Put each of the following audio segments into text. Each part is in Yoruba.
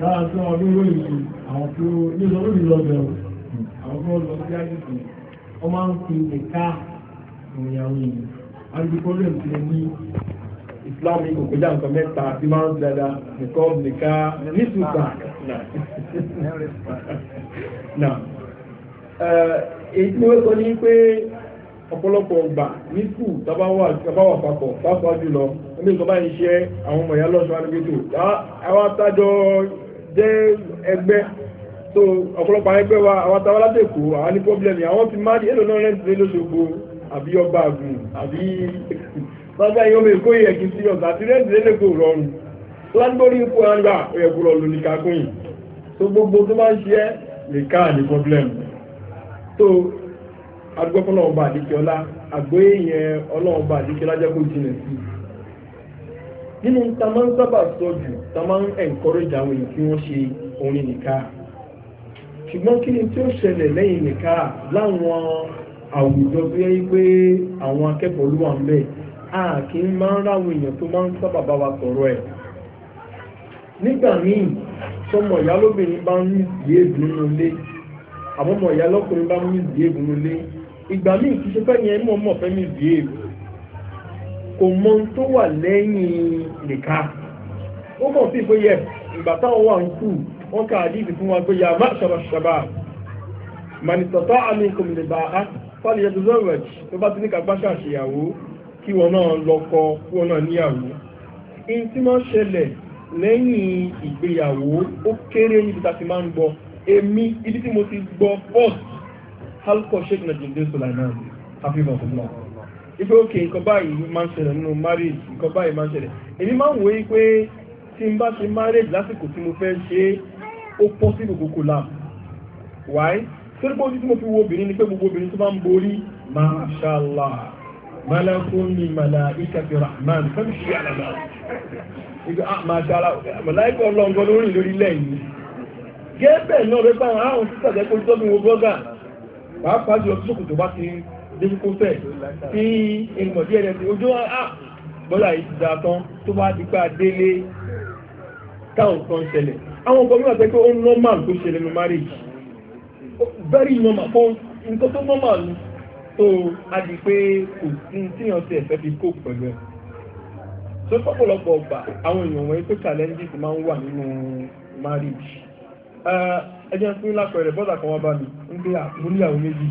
lára kò kọjá nǹkan mẹ́ta tí máa ń dada nìkan nìkan nítùgbà èyí tí wọ́n sọ ní pé ọ̀pọ̀lọpọ̀ ọgbà ní tàbá wà papọ̀ pàápàá jùlọ ẹgbẹ́ ìjọba ìṣe àwọn ọmọ ìyá àdúgbò tó àwọn atájọ́ jẹ́ ẹgbẹ́ so ọ̀pọ̀lọpọ̀ àwọn ẹgbẹ́ wa àwọn tàwọn aládèkó àwọn ní pọ́blẹ́mì àwọn ti máa ní èlò náà rẹ́ǹtì lóṣogbo àbí ọba àgùn àbí sábà yóò mẹ kó yẹ kí n sí ọ̀sà àti rẹ́ǹtì lélẹ́kọ̀ rọrùn tó láti bó rí ipò àgbà oyè kúrọ̀ lò nìka yìí so gbogbo tó máa ń ṣe lè ká ní pọ́blẹ́mì so adúgbò fọlọ́ọ̀bà àdìkẹ́ ọlá àgbóyè yẹn ọlọ́ọ̀bà àdìkẹ́ lájẹ́ kó sí i nínú ta máa ń sábà sọ jù ta máa ń encourage àwọn èèyàn kí wọ́n ṣe orin nìka ṣùgbọ́n kí ni tí ó ṣẹlẹ̀ lẹ́yìn nìka láwọn àwùjọ tó yẹ pé àwọn akẹ́kọ̀ọ́ ló wà ń bẹ̀ a kì í máa ń ráwọn èèyàn tó máa ń sábà bá wa sọ̀rọ̀ ẹ̀ nígbà míì tọmọ ìyá lóbìnrin bá ń yé ìdùnnú lé àbọ̀mọ̀ ìyá lọ́kùnrin bá ń yé ìdùnnú lé ìgbà míì kì í ṣe fẹ́ yẹn mọ̀ mọ̀ fẹ́ mi bìí èèbù kò mọ tó wà lẹ́yìn nìka ó mọ̀ sí pé yẹ ìgbà táwọn wà ń kú wọ́n ká àdíjì fún wa pé yà má ṣọ̀rọ̀ ṣàbà mànìtọ̀tọ̀ àmì kòmìnì bá a fàlẹ̀ yẹtù zọ́rọ̀j tó bá ti ní kápá ṣàṣeyàwó kí wọn náà lọ́kọ kí wọn náà níyàwó in tí wọ́n ṣẹlẹ̀ lẹ́yìn ìgbéyàwó ó kéré níbi tá a ti máa ń gbọ́ èmi ibi tí mo ti gbọ́ first halkọ sheikh najim dé sọlá náà. ife oke nǹkan báyìí máa ń marriage nǹkan báyìí máa ń ma èmi máa ń n bá marriage lásìkò tí mo fe ṣe ó pọ́ sí gbogbo why torí pé ti mo fi wo obìnrin ni pe gbogbo obìnrin to bá n bori maṣàlá malakun malaika fi rahman fẹ́mi ṣe àlàlà ibi ah, maṣàlá malaika ọlọ́ngọ́ lórí lórí lẹ́yìn gẹ́gẹ́ bẹ́ẹ̀ náà rẹ́pẹ́ àwọn wo difficult tí ìmọ̀ díẹ̀ lẹ́sìn ojú à ah, bọ́lá yìí ti dáa tán tó bá ti pa délé táwọn kan ṣẹlẹ̀ àwọn ọkọ̀ mìíràn tẹ́ ó normal tó ṣẹlẹ̀ nínú marriage very normal fún nǹkan tó normal tó a di pé kò sí tí yàn ti ẹ̀fẹ́ fi cope pẹ̀lú ẹ̀ tó pọ̀pọ̀lọpọ̀ ọgbà àwọn èèyàn wọ̀nyí tó challenges máa ń wà nínú marriage eh, ẹjẹ́ fún lápẹẹrẹ bọ́dà kan wá bá mi ń gbé àmúlíyàwó ah, méjì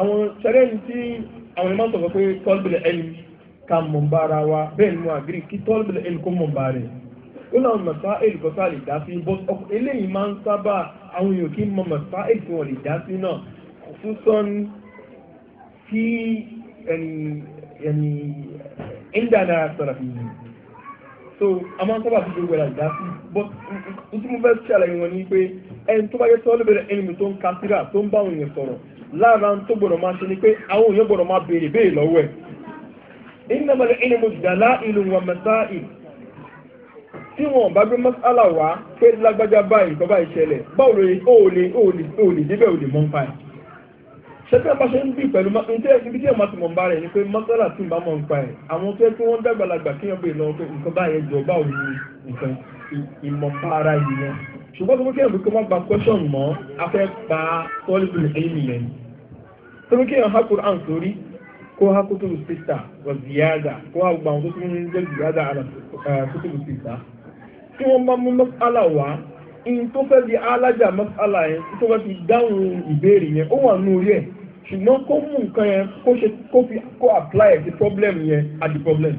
àwọn sẹ́rẹ́yìn tí àwọn ìmọ̀ sọ̀rọ̀ pé tọ́lbìlẹ̀ ẹni ká mọ̀ bá ara wa bẹ́ẹ̀ ni mo àgírí kí tọ́lbìlẹ̀ ẹni kó mọ̀ bá rẹ̀ ó náà mọ̀sá èlì kọ́sá lè dá sí bọ́ eléyìí máa ń sábà àwọn èèyàn kí mọ̀ mọ̀sá èlì tí wọ́n lè dá sí náà fún sọ́n tí ẹni ẹni ìdáná sọ̀rọ̀ fi yìí so a máa ń sábà fi gbogbo ẹ̀dá dá sí but n tí mo fẹ́ ṣàlàyé wọn ni pé ẹni tó bá yẹ tọ́lbìlẹ̀ ẹni mi tó ń ka síra tó ń bá òun yẹn sọ̀rọ̀ lára tó gbọ́dọ̀ máa ṣe ni pé àwọn èèyàn gbọ́dọ̀ máa béèrè béèrè lọ́wọ́ ẹ̀ innamal ilmu dalailu wa masail tí wọn bá gbé mọ́sálà wá pé lágbájá báyìí nǹkan báyìí ṣẹlẹ̀ báwo lè ó lè ó lè ó lè débẹ̀ ó lè mọ́ nípa ẹ̀. ṣẹ́tẹ́ bá ṣe ń bì pẹ̀lú ibi tí ẹ̀ máa ti mọ̀ ń bá rẹ̀ ni pé mọ́sálà tí ń bá mọ̀ nípa ẹ̀ àwọn tó yẹ kí wọ́n dàgbàlagbà kí wọ́n bè lọ pé nǹkan báyẹn jọ báwo ni nǹkan ìmọ̀pá ara yìí yẹn. ṣùgbọ́n tó kí ẹ̀ torí kí èèyàn ha Quran sórí kó ha kútùbù sísà wà ziyada kó ha gbà wọn tó tún ń jẹ ziyada àlà eh, kútùbù sísà tí wọ́n bá mú mọ́sálà wá in tó fẹ́ di alájà mọ́sálà yẹn tó fẹ́ fi dáhùn ìbéèrè yẹn ó wà nù orí ẹ̀ ṣùgbọ́n kó mú nǹkan yẹn kó ṣe kó fi kó apply ẹ̀ sí problem yẹn at the problem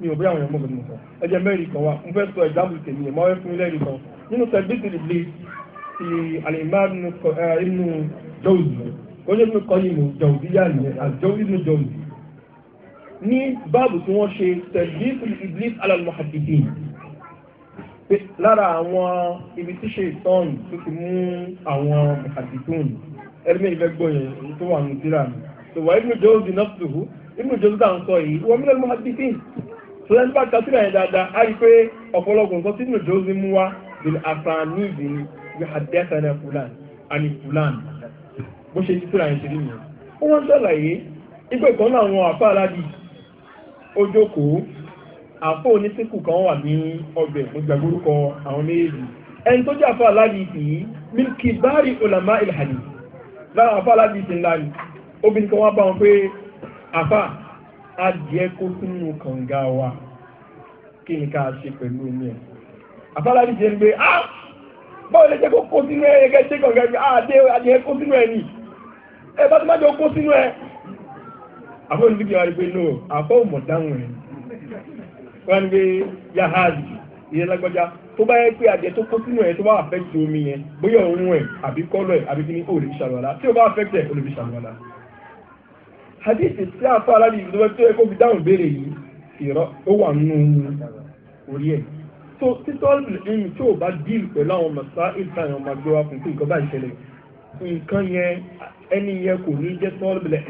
mi ò bí àwọn ọmọ mi sọ ẹjẹ mẹ́rin kan wa mo fẹ́ sọ example tèmi yẹn máa fẹ́ fún ilé ẹ̀rí nínú sẹ́gbẹ́sì ìdílé ti alimami ibnu eh, Jawzi wọ́n yóò fi kọ́ ní jọ̀ǹbí yá nìyẹn àjọwí ní jọ̀ǹbí. ní báàbù tí wọ́n ṣe tẹ̀lifù iblis alalmuhadidin lára àwọn ibi tí ṣe ìtọ́n tó ti mú àwọn muhadidun ẹlẹ́mẹ̀ ìfẹ́ gbọ́ yẹn tó wà ní síra mi. tó wà ibùdó jọ́ọ̀bì náà tó hù ibùdó jọ́ọ̀bì tá à ń sọ yìí wọ́n mílẹ̀ muhadidin. tó lẹ́nu bá ta síra yẹn dáadáa á rí i pé ọ̀pọ̀lọpọ̀ nǹkan tí ibùdó jọ́ọ̀bì mú wa bil asanid ni yóò hàdẹ́sẹ̀ náà fúlàn bó ṣe ti tíra yẹn ti rí mi ó wọ́n ṣàlàyé ipò ìkan náà àwọn àfa aládì ojókòó àfọ onísìnkù kan wà ní ọbẹ̀ ìgbàgbórúkọ àwọn méjèèjì ẹni tó jẹ́ àfa aládì sí mílíkì báàrí olàmá ìlànà lára àfa aládì sí ńlá ni obìnrin kan wá bá wọn pé àfa adìẹ kó sínú kànga wa kí ni ká ṣe pẹ̀lú omi ẹ̀ àfa aládì sí ẹni pé ah báwo lè jẹ́ kó kó sínú ẹ̀ ẹ̀kẹ́ ṣe kànga ẹ̀ adìẹ kó sínú ẹ̀ nìyí ẹ bá ti má jọ kó sínú ẹ àfọ olùdíje wa rí pé no àfọ òmò dáhùn ẹ wọn ni pé yahazi ìyẹn lágbájá tó bá yẹ pé àjẹ tó kó sínú ẹ tó bá affect omi yẹn bóyá òun ẹ àbí kọ́lọ̀ ẹ àbí kíní olè ṣàlùwàlá tí o bá affect ẹ olè fi ṣàlùwàlá. hadith tí a fọ aládìí ìdúró tó yẹ kó fi dáhùn béèrè yìí ìrọ ó wà nínú orí ẹ̀ tó títọ́ ẹni tí ò bá díìl pẹ̀lú àwọn mọ̀sá ìtàn àwọn ọmọ agbéwá fún kí nǹkan bá ìṣẹ̀lẹ̀ nǹkan yẹn ẹni yẹn kò ní jẹ́ tọ́lùbìlẹ̀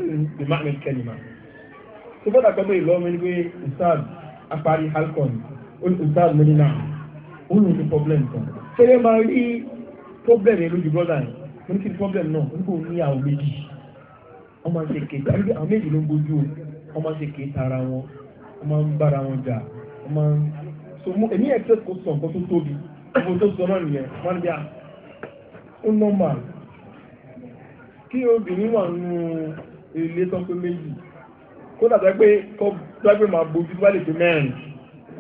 ìmáàmì kẹlìmà tó bọ́dà pẹ́ bẹ́ẹ̀ lọ́wọ́ ní pé ustaz apari halcon ustaz mo ní náà ó ní ní problem kan ṣẹlẹ̀ máa rí problem yẹn lójú brọ́dà yẹn mo ní kí ni problem náà nígbà ó ní àwọn méjì wọ́n máa ń ṣe kéta àbí àwọn méjì ló ń bójú o wọ́n máa ń ṣe kéta ara wọn wọ́n máa ń bára wọn jà wọ́n máa ń so mo èmi ẹ̀ tẹ́sí kó sọ nǹkan tó tóbi ọmọ tó sọ náà nìyẹn wọ́n á normal tí obìnrin wà nù ilé tó pé méjì kó dàgbà pé kọ́ dàgbà máa bojú tó bá lè fi mẹ́rin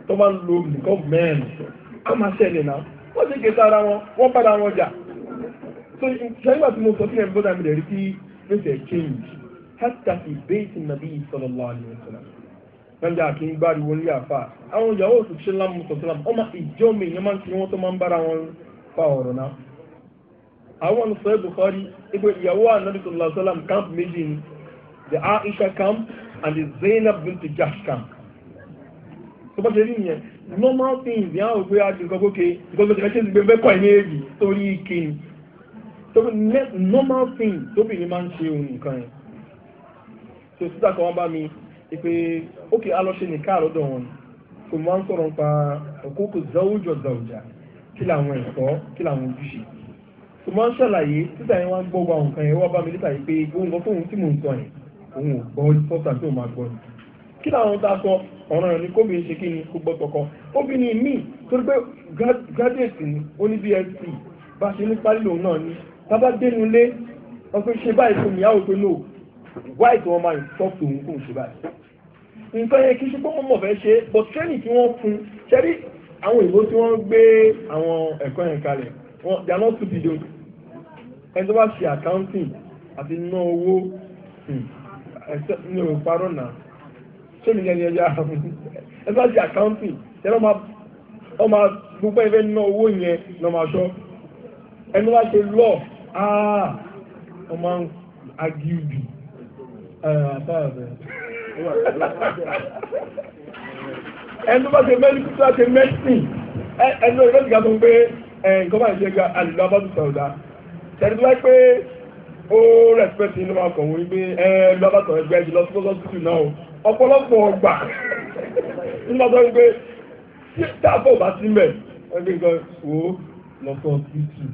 tó bá ń lo nìkan mẹ́rin á máa ṣẹlẹ̀ náà wọ́n ti kéta ara wọn wọ́n padà wọn jà so ìṣẹ́yìnbá tí mo sọ sílẹ̀ bọ́dà mi rẹ̀ rí sí lóṣẹ̀ change hátà fi bẹ́ẹ̀tì nàbí sallallahu alaihi wasallam nàbí àti ń gbáriwo ní àfà àwọn ìyàwó òṣìṣẹ́ lámùsọ̀tọ̀ lámù ọmọ ìjọ́ mi ìyẹn máa ń ti wọ́n tó máa ń bára wọn fa ọ̀rọ̀ náà àwọn sọ ẹ́ Bukhari ipò ìyàwó anabi sallallahu alayhi wa sallam camp méjì ni the Aisha camp and the Zainab bint Jahsh camp tó bá ṣe rí yẹn normal things yẹn àwọn òpè àti nǹkan gòkè nǹkan gòkè ẹ̀ṣẹ̀ ìgbẹ́ mẹ́kọ̀ ẹ̀ méjì torí ike ni tó bí normal things tóbìnrin máa ń ṣe ohun nǹkan yẹn so sísá kan wọ́n bá mi pé ókè alọ́ṣe nìka àlọ́dọ̀ wọn kò máa ń sọ̀rọ̀ nípa òkókò zawújọ zawújà kí làwọn ẹ̀kọ́ kí làwọn ojúṣe tó máa ń ṣàlàyé títà yẹn wá ń gbọ́ wa nǹkan yẹn wá bá mi níta yìí pé ohun kan tóun tí mò ń sọ yẹn òun ò gbọ́ sọ́tà tí òun máa gbọ́ ni kí làwọn tá a sọ ọ̀ràn rẹ̀ ni kóbìnrin ṣe kí ni kó gbọ́ tọkọ obìnrin míì torí pé graduate ni ó ní bsc bá ṣe ní parí lòun náà ni bàbá dénú lé wọn pé ṣe báyìí fún mi àwọn pé no why tí wọ́n máa talk to òun kóun ṣe báyìí nǹkan yẹn kí ṣùgbọ́n wọ́n mọ̀ fẹ́ ṣe but training tí wọ́n fún ṣẹ́rí àwọn ìbò tí wọ́n gbé àwọn ẹ̀kọ́ ẹni tó bá ṣe accounting àti ná owó ní hmm, òun parọ́ náà ṣé mi yẹn ni ẹja ẹni tó bá ṣe accounting ẹni wọ́n máa gbogbo ẹ̀fẹ́ ná owó yẹn lọ́ máa ṣọ́ ẹni tó bá ṣe lọ́ àá wọ́n máa ń agíbi àbáàbẹ̀ ẹni tó bá ṣe mẹ́rin tó bá ṣe mẹ́sìn ẹni tó bá ṣe mẹ́sìn gàdùn pé nǹkan bá ń ṣe gba àlùbábá tó sọ̀rọ̀ dáa tẹ̀lé wáyé pé ó rẹ̀spẹ̀tì inú wa kọ̀wé pé ẹ lọ́bàtọ̀ ẹgbẹ́ jù lọ sí lọ́sítù náà ọ̀pọ̀lọpọ̀ ọgbà nígbà tó ń gbé táàbọ̀ bá sí mẹ́ ẹgbẹ́ nǹkan wò ó lọ́sọ̀ títù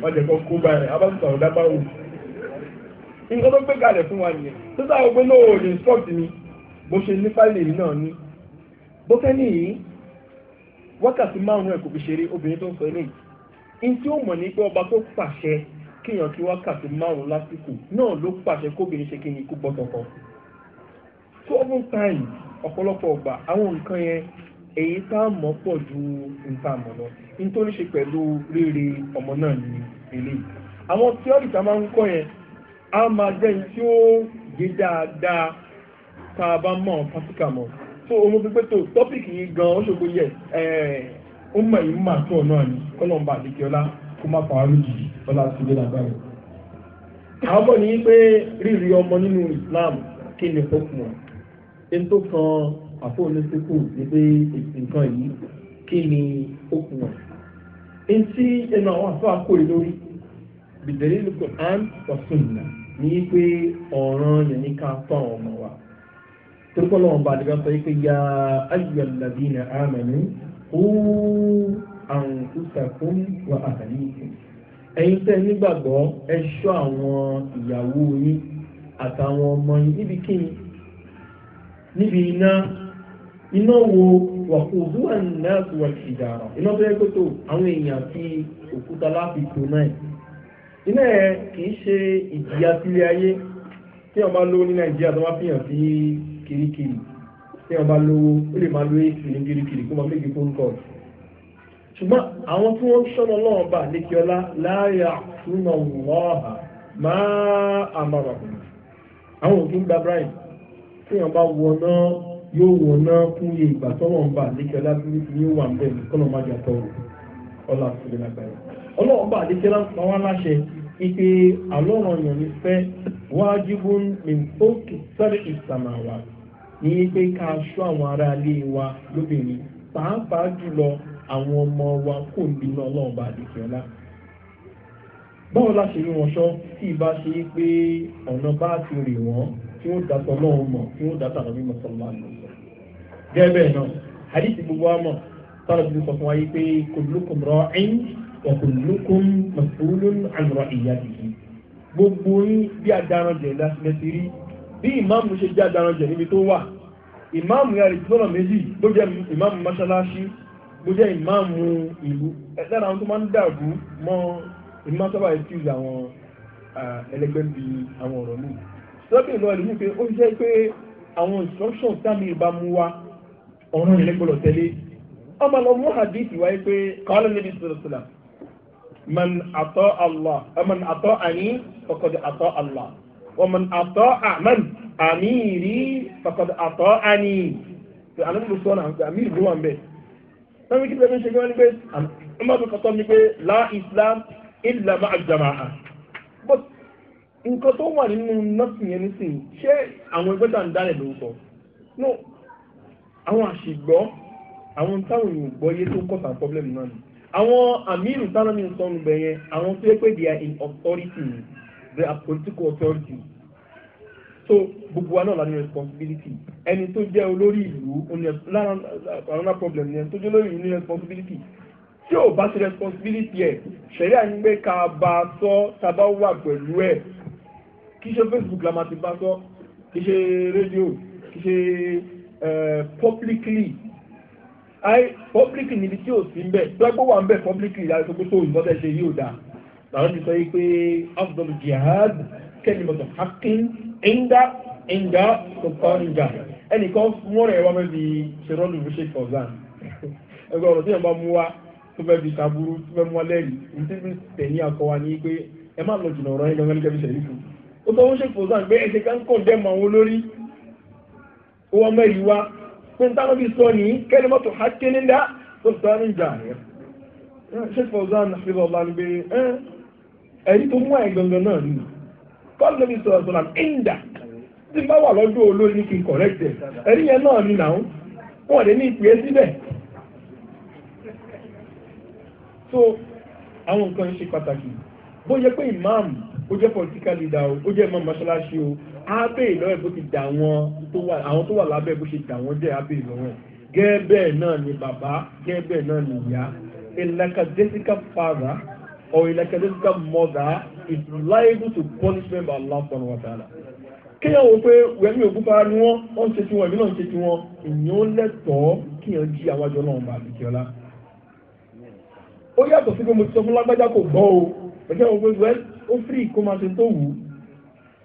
wọ́n jẹ́ kan kó báyìí abáṣùtà ọ̀dá bá wù. nǹkan tó gbé kalẹ̀ fún wa nìyẹn tó sáà wọ́n pé náà ò lè instruct mi bó ṣe ní fáìlì yìí náà ní bó fẹ́ nìyí wákàtí márùn-ún ẹ̀ kò fi ṣeré obìnrin tó ń sọ n tí ó mọ̀ ní pé ọba tó pàṣẹ kéèyàn kí wákàtí márùn lásìkò náà ló pàṣẹ kóbìnrin ṣe kí ni kó bọ́ tọkọ twelve times ọ̀pọ̀lọpọ̀ ọgbà àwọn nǹkan yẹn èyí tá a mọ̀ pọ̀ ju nǹkan àmọ̀ lọ nítorí ṣe pẹ̀lú rere ọmọ náà ní eléyìí àwọn tíọ́rì tá a máa ń kọ́ yẹn a máa jẹ́ ní tí ó gbé dáadáa tá a bá mọ̀ pátíkà mọ̀ so ohun gbígbé tó tọ́pìkì yìí gan-an ó ṣògbó yẹ ó mọ̀ yìí mà tó ọ̀nà ni kọ́lọ́mbà àdékẹ́ọ́lá kó má fàá lójì ọlá sí ilé lágbára. àwọn bọ̀ ní pé rírí ọmọ nínú Islam kí ni ó kù wọn. ẹni tó kan àfọwọ́nẹ́sẹ́kù ni pé nǹkan yìí kí ni ó kù wọn. ẹni tí ẹnu àwọn àfọwọ́ akóre lórí bìtẹ̀lẹ́ ní Quran wa Sunnah ní pé ọ̀ràn yẹn ní ká tọ́ àwọn ọmọ wa. torí kọ́lọ́mbà àdékẹ́ọ́lá sọ yìí pé ya ayyuhal ladina amanu ó àrùn tó sàkún wà àhàlì ẹ̀yin tẹ́ nígbàgbọ́ ẹ ṣọ́ àwọn ìyàwó yín àtàwọn ọmọ yín níbi kíni níbi iná iná wo wàkùnzú àná wà ìdàrà iná tó yẹ kó tó àwọn èèyàn àti òkúta láti tó náà iná yẹ kìí ṣe ìjìyà sílé ayé tí wọn bá lówó ní nàìjíríà tó bá fi hàn sí kirikiri tí wọ́n bá lówó ó lè máa lo ac ní kirikiri kó máa méje phone call ṣùgbọ́n àwọn tí wọ́n sọ́nà ọlọ́run bá lékè ọlá láàyà túnmọ̀ wọ́ọ̀hà máa àmàrà àwọn òkú ń gba brian tí wọ́n bá wọná yóò wọná fún iye ìgbà tọ́wọ́ ń bà lékè ọlá bí yóò wà ń bẹ̀ kọ́nà má jà tọ́ ọlá fún ìlànà gbàyà ọlọ́run bá lékè ọlá pa wá láṣẹ ipe àlọ́run ọ̀yàn ní fẹ́ wájibun min fókè sáré ìsàmàwà ní pé ká aṣọ àwọn aráalé wa lóbìnrin pàápàá jùlọ àwọn ọmọ wa kò bínú ọlọ́run bá àdìsí ọlá báwo la ṣe rí wọn ṣọ́ tí ìbá ṣe é pé ọ̀nà bá ti rè wọ́n tí wọ́n dàtọ̀ lọ́wọ́ mọ̀ tí wọ́n dàtọ̀ àbí mọ̀sánmá lọ. gẹ́gẹ́ bẹ́ẹ̀ náà àdìsí gbogbo wa mọ̀ sára ti sọ fún wa yìí pé kullukum ra'in wa kullukum mas'ulun 'an ra'iyatihi gbogbo yín bí adarun jẹ̀ bí ìmáàmù ṣe jẹ́ adaranjẹ níbi tó wà ìmáàmù yàrá ìtọ́nà méjì bó jẹ́ ìmáàmù mọ́ṣáláṣí bó jẹ́ ìmáàmù ìlú lára àwọn tó máa ń dàrú mọ́ ìmáàmù sábà excuse àwọn ẹlẹgbẹ́ bí àwọn ọ̀rọ̀ mi lọ́bẹ̀ ìlú ẹ̀lú wípé ó jẹ́ pé àwọn instruction tàbí ìbámu wa ọ̀rọ̀ ìlẹ́gbọ̀lọ̀ tẹ̀lé ọmọ lọ mú hadith wáyé pé kọ́lá níbi sọ̀rọ̀sọ̀rọ̀ man àtọ́ Allah man àtọ́ àní faqad àtọ́ Allah ومن أطاع من أميري فقد أطاعني àná ló sọ أمير àmìrì ló wà ń bẹ̀ sáwọn kí lẹ́nu ṣe gbọ́n ní pé ọmọdé kọ́tọ́ ní pé la Islam illa ma'a al-jama'a but nǹkan tó wà nínú nọ́ọ̀sì yẹn nísìn ṣé àwọn ẹgbẹ́ tá à ń dálẹ̀ ló ń sọ no àwọn àṣìgbọ́ àwọn táwọn èèyàn gbọ́ yé tó ń problem náà ni àwọn àmìrì táwọn mi ń sọ nù bẹ̀yẹn àwọn tó yẹ pé they in authority they are political authority. so gbogbo wa náà la ní responsibility ẹni tó jẹ́ olórí ìlú lára another problem ni ẹni tó jẹ́ olórí ìlú ní responsibility tí ò bá ṣe responsibility ẹ̀ ṣẹ̀rí à ń gbé ká bá a sọ tá a bá wà pẹ̀lú ẹ̀ kì í ṣe Facebook la máa ti bá sọ kì í ṣe rédíò kì í ṣe publicly i publicly níbi tí ò sí ń bẹ̀ tó ẹgbẹ́ wà ń bẹ̀ publicly láti sọ pé tó ìbọn tẹ̀ ṣe yìí ò dáa. làwọn ti sọ yìí pé afdal jihad kalimatu haqqin inga ẹ̀ńdá tó kọ́ ẹnìkan mọ́rọ̀ ẹ̀ wá fẹ́ ṣe fọ̀zán ẹgbẹ́ ọ̀rọ̀ tí yẹn bá mú tó fẹ́ tó fẹ́ mú ní akọwa ní pé ẹ má lọ ọ̀rọ̀ yẹn gangan ó tọ́ wọ́n ṣe fọ̀zán pé kan dẹ́ ẹ̀yí tó mú ẹ̀ gangan náà nù kọ́ọ̀lù mi sọ̀rọ̀ sọ̀rọ̀ ẹ̀ńdà tí bá wà lọ́dún olórí ní kí n correct ẹ̀ ẹ̀rí yẹn náà ni nàá wọ́n lè ní ìpè síbẹ̀. so àwọn nǹkan ṣe pàtàkì bó jẹ́ pé imam ó jẹ́ political leader o ó jẹ́ imam mọ́ṣáláṣí o ábẹ́ ìlọ́wọ́ bó ti dà wọ́n àwọn tó wà lábẹ́ bó ṣe dà wọ́n jẹ́ ábẹ́ ìlọ́wọ́ ẹ̀ bẹ́ẹ̀ náà ni bàbá gẹ́gẹ́ bẹ́ẹ̀ náà ni ìyá a lackadaisical father or in a lackadaisical mother is liable to punishment by Allah subhanahu wa ta'ala. kéèyàn wo pé wẹ̀mí òkú fara ni wọ́n wọ́n ń ṣe tiwọn èmi náà ń ṣe tiwọn èèyàn lẹ́tọ̀ọ́ kéèyàn jí àwọn àjọ náà bá àbíkẹ́ ọlá. ó yàtọ̀ sí pé mo ti sọ fún lágbájá kò gbọ́ o ẹ̀jẹ̀ wọn pé wẹ́ ó fírì kó máa ṣe tó wù ú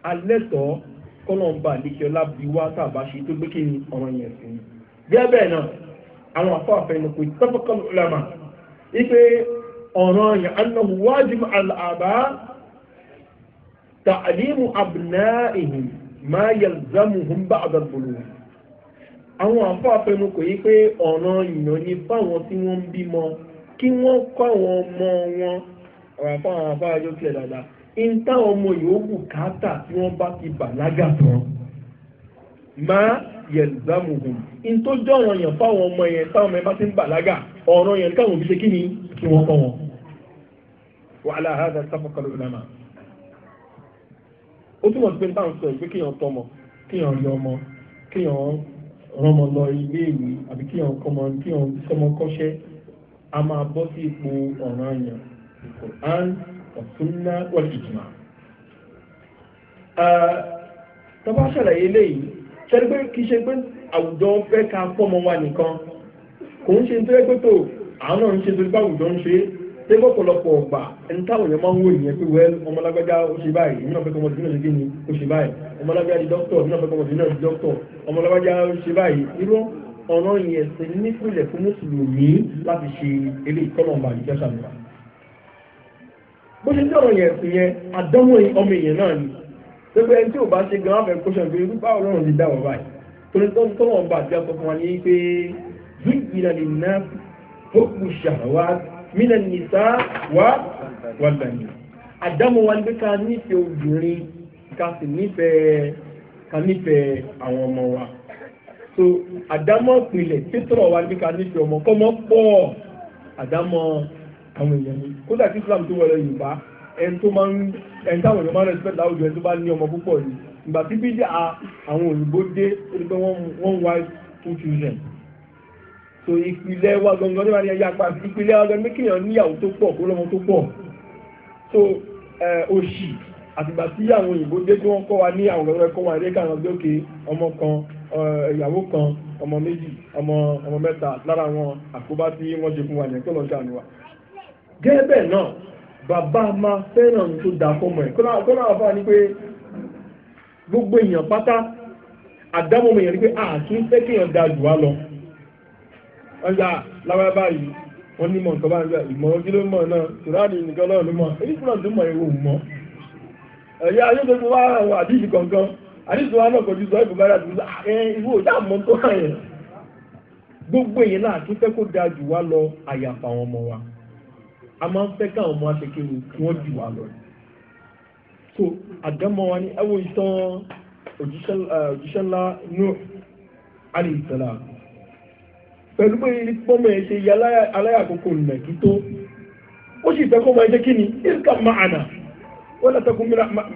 alẹ́tọ̀ọ́ kọ́nà bá àbíkẹ́ ọlá bí wá tàbá ṣe tó gbé kéèyàn ọ̀rọ̀ yẹn sí i. bí ẹ bẹ́ẹ̀ náà àwọn àfọ àfẹnukù tọ́pọ̀kọ́ ọ̀rọ̀ yẹn annahu wájib al'aba ta'alimu abna'ihim ma yalzamuhum ba'da al-bulugh àwọn àfáàfẹnu kò yí pé ọ̀nà ìyàn ni fáwọn tí wọ́n ń bímọ kí wọ́n kọ́ àwọn ọmọ wọn ọ̀rọ̀ fáwọn àfáàjọ́ tilẹ̀ dáadáa ń táwọn ọmọ yòókù káàtà tí wọ́n bá ti bàlágà tán ma yẹlzamuhum in tó jọ wọn yàn fáwọn ọmọ yẹn táwọn ọmọ yẹn bá ti ń bàlágà ọ̀rọ̀ yẹn káwọn òbí ṣe kí ni kí wọ́n kọ́ wọn. wàhálà àhádà sáfọkọlù ìlànà ó túmọ̀ sí pé táwọn sọ ìgbé kéèyàn tọmọ kéèyàn rí ọmọ kéèyàn rọmọ lọ ilé ìwé àbí kéèyàn kọmọ kéèyàn sọmọ kọ́ṣẹ́ a máa bọ́ sí ipò ọ̀ràn yẹn Qur'an ọ̀túnná wal ijma. tọ́ba ṣẹ́ni pé kì í ṣe pé àwùjọ fẹ́ ka fọ́mọ wa nìkan kò ń ṣe tó yẹ pé tó àwọn náà ń ṣe torí pé àwùjọ ń ṣe ṣé lọ́pọ̀lọpọ̀ ọ̀gbà ẹni táwọn èèyàn máa ń wò ìyẹn pé wẹ́ẹ́ ọmọlágbájá ó ṣe báyìí nínú ọ̀pẹ́ kọmọdé náà ṣe kí ni ó ṣe báyìí ọmọlágbájá di dókítọ̀ nínú ọ̀pẹ́ kọmọdé náà di dókítọ̀ ọmọlágbájá ó ṣe báyìí gbogbo ẹni tí ò bá ṣe gan an fẹ́ kóṣọ pé wípé àwọn ọlọ́run ti dá wọn báyìí torí tó ń tọ́wọ́ bá àti ọkọ̀ fún wa ní pé zúgbìnà lè ná fókù ṣàwá mílẹ̀ nìta wá wà lẹ́yìn. àdámọ̀ wa ni pé ká nífẹ̀ẹ́ obìnrin ká sì nífẹ̀ẹ́ ká nífẹ̀ẹ́ àwọn ọmọ wa. so àdámọ̀ ìpìlẹ̀ pétọ́rọ̀ wa ni pé ká nífẹ̀ẹ́ ọmọ kọ́mọ pọ̀ àdámọ̀ àwọn èèyàn kódà kí Islam tó wọlé Yorùbá ẹni tó máa ń ẹni táwọn èèyàn respect láwùjọ ẹni tó bá ní ọmọ púpọ̀ ni ìgbà tí bídíà àwọn òyìnbó dé ó ní pé one wife two children so ìpìlẹ̀ wa gangan níwájú ẹ̀yà apá ìpìlẹ̀ wa gangan kéèyàn níyàwó tó pọ̀ kó lọ́mọ tó pọ̀ so òṣì àtìgbà tí àwọn òyìnbó dé tí wọ́n kọ́ wa ní àwọn ọ̀rẹ́ kọ́ wa ní káwọn ọdún òkè ọmọ kan ìyàwó kan ọmọ méjì ọmọ ọmọ mẹ́ta lára àwọn àkóbá tí wọ́n ṣe fún wa yẹn kí ọlọ́jà ni wa. gẹ́gẹ́ bẹ́ẹ̀ náà bàbá máa fẹ́ràn tó dà fọmọ ẹ̀ kọ́lá àfà ni pé gbogbo èèyàn pátá àdámọ́mọ èèyàn ni pé àtún fẹ́ kéèyàn da jù wá lọ. wọ́n yà láwọn ẹbá yìí wọ́n ní mọ̀ nǹkan bá ń gbà ìmọ̀ ojú ló mọ̀ náà tùrádì nìkan lọ́rùn ló mọ̀ èyí fúnra tó mọ̀ ewu mọ̀. ẹ̀yà yóò tó fi wá àwọn àdìsí kankan àdìsí wa náà kò ju sọ ìbùbá rẹ̀ àdìsí ẹ̀ ìwé òjá mọ́ tó hàn yẹn. gbogbo èèyàn náà àtún fẹ́ kó da jù wá lọ àyàfà àwọn ọmọ wa a máa ń fẹ́ káwọn ọmọ aṣèkéwò kí wọ́n jù wá lọ. so àdámọ́ wa ni ẹ wo ìtàn òjíṣẹ́ ńlá Nuh alayhi salam pẹ̀lú pé pọ́mọ ẹ̀ ṣe yẹ aláyàkókò nàkí tó ó sì fẹ́ kó máa jẹ́ kí ni iska ma'ana wọ́n lọ́tọ́ kún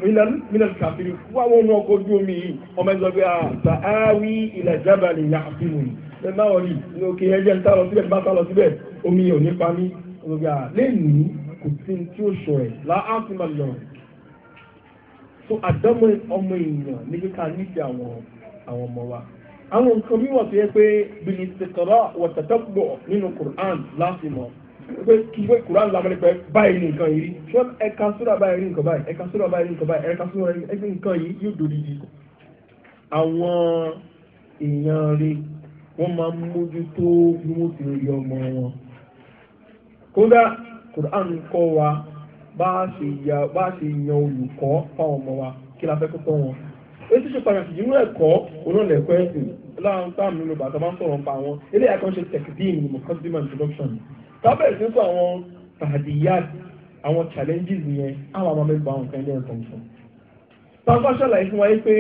mílíọ̀nù kàfírí wọ́n àwọn ọmọ ọkọ̀ ojú omi yìí ọmọ ẹ̀sọ́ pé àtàáwí ila jabali ya'simuni ẹ̀ máa wọlé ní òkè ẹ̀jẹ̀ ń sá lọ síbẹ̀ omi ò ní ọ̀gá lẹ́yìn kò sí tí ó sọ ẹ̀ máa lọ. so àdámọ́ ọmọ èèyàn níbi ká níbi àwọn àwọn ọmọ wa. àwọn nǹkan bí wọ́n ti yẹ pé bìnnì tẹ̀tọ̀rọ̀ wọ̀tẹ̀tẹ̀gbọ̀ nínú Quran láti mọ̀ pé kí wọ́n Quran lábẹ́rẹ́ pé báyìí ní nǹkan yìí ṣé ẹ̀ka sóra báyìí ní nǹkan báyìí ẹ̀ka sóra báyìí ní nǹkan báyìí ẹ̀ka sóra ẹ̀gbẹ́ nǹkan yìí yóò dòdì yìí. àwọn èèyàn rẹ̀ wọ́n máa ń mójútó bí wọ́n ti rí ọmọ wọn kódà Quran kọ́ wa bá a ṣe yan olùkọ́ fáwọn ọmọ wa kí la fẹ́ kó tọ́ wọn èsì ṣe pàtàkì nínú ẹ̀kọ́ onálẹ̀kọ́ ẹ̀sìn láwọn táwọn nínú bàtà máa ń sọ̀rọ̀ nípa àwọn eléyà kan ṣe tẹ̀kídìmù ní mọ̀kọ́sídìmù introduction tábẹ̀lì sí sọ àwọn tàdíyàt àwọn challenges yẹn àwọn àmọ́ mẹ́fà àwọn kan ní ẹ̀sán fún. pàápàá ṣàlàyé fún wa yìí pé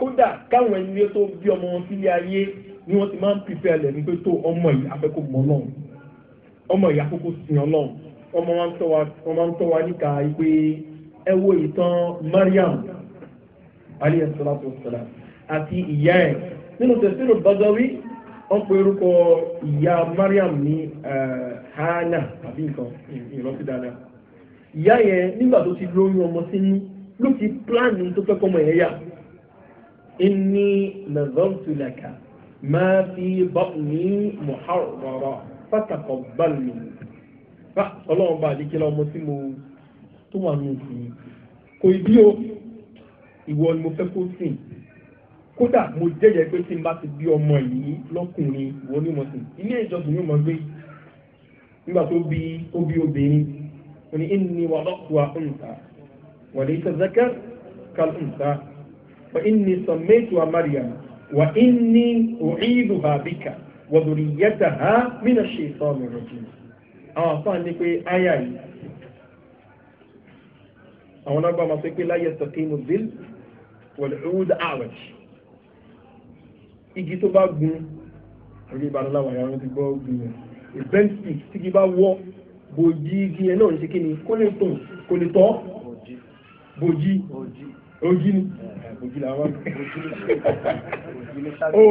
kódà káwọn ẹni tó bí ọmọ wọn sílé ayé ni wọ́n ti máa ń pípẹ́ alẹ̀ ní pé tó ọmọ yìí afẹ́kọ̀ọ́ mọ́ náà ọmọ ìyá kókó sin ọlọ́run ọmọ máa ń tọ́ wa níka pé ẹ wo ìtàn mariam aleyhi salatu wasalam àti ìyá ẹ̀ nínú tẹ̀sílù bàdáwí wọ́n pe orúkọ ìyá mariam ní eh, hana àbí nǹkan ìrántí dáadáa ìyá yẹn nígbà tó ti lóyún ọmọ sínú ló ti pílánì tó fẹ́ kọ́mọ yẹn yà inni nazartu laka ma fi batni muharrara pátákọ̀ bá mi bá ọlọ́run bá àdíkẹ́ lọ́mọ tí mo tó wà ní ìsìn kò ìdí o ìwọ ni mo fẹ́ kó sìn kódà mo jẹ́jẹ́ pé tí n bá ti bí ọmọ yìí lọ́kùnrin ìwọ ni mo sìn ilé ìjọsìn ni mo gbé nígbà tó bí ó bí obìnrin ó ní inni wà lọ́kùnrin àkùnta wà ní ìtẹ̀zẹ́kẹ́ kàlùnta wà inni sọ̀mẹ́tù àmàríyàn wà inni òhìnlù bàbíkà wọ̀dùrì yẹ́tà á mínà ṣe ìtọ́ ọ̀rọ̀ jù àwọn àfáà ní pé áyà yìí àwọn náà gbà máa sọ pé láyé sọ̀kínú bíl wọ̀lẹ̀ òwúdà àwẹ̀j igi tó bá gun orí ìbàdàn láwọn àyà gbọ́ gun yẹn ìbẹ́ǹtì tí kì bá wọ́ bòjì igi yẹn náà ń ṣe kí kó lè tó kó lè tọ́ bòjì òjì ni òjì oh,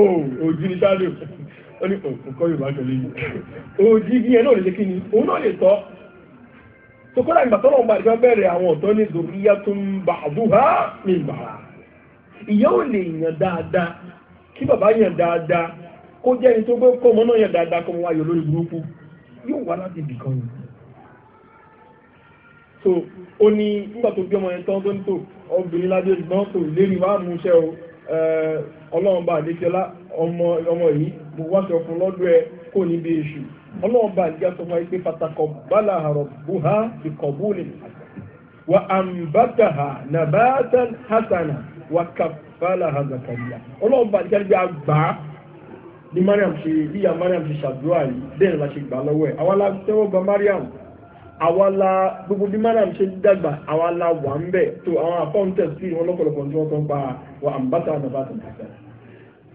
ni ṣáàdù ó ní òkùnkọ́ oh, yorùbá jọ lẹ́yìn òjìgí ẹ náà lè kí ni òun náà lè tọ́ sokola ìgbàtọ́nà ọba àdìgbà bẹ̀rẹ̀ àwọn ọ̀tọ́ ní zòríyá tó ń bá àdúrà ní ìbàrà ìyá ò lè yàn dáadáa kí bàbá yàn dáadáa kó jẹ́ ẹni tó gbé kó ọmọ náà yàn dáadáa kó wọn lórí burúkú yóò wá láti ibì kan yìí. so ó ní nígbà tó bí ọmọ yẹn tán tó ń tò obìnrin ládé ṣùgbọ́n kò lérí wàá mú iṣẹ́ o ọlọ́run bá àdéṣọlá ọmọ yìí mo wá sọ fún lọ́dọ̀ ẹ kó níbi èṣù ọlọ́run bá àdìgá sọ fún ẹ pé pàtàkọ̀ bálà àrọ̀ buhá ìkọ̀bùnì wa àǹbátàhà nàbàtàn hasana wa kàfàlàhà zakariya ọlọ́run bá àdìgá gbé àgbà ní mariam ṣe bíyà mariam ṣe ṣàdúrà yìí bẹ́ẹ̀ la ṣe gbà lọ́wọ́ ẹ̀ àwa la tẹ́wọ́ gba mariam àwa la gbogbo bí mariam ṣe dàgbà àwa wà ń bẹ̀ tó àwọn àkọ́ńtẹ̀ sí wọn lọ́pọ̀lọpọ̀ tí wọ́n tó ń pa wa àǹbátà nàbàtàn hasana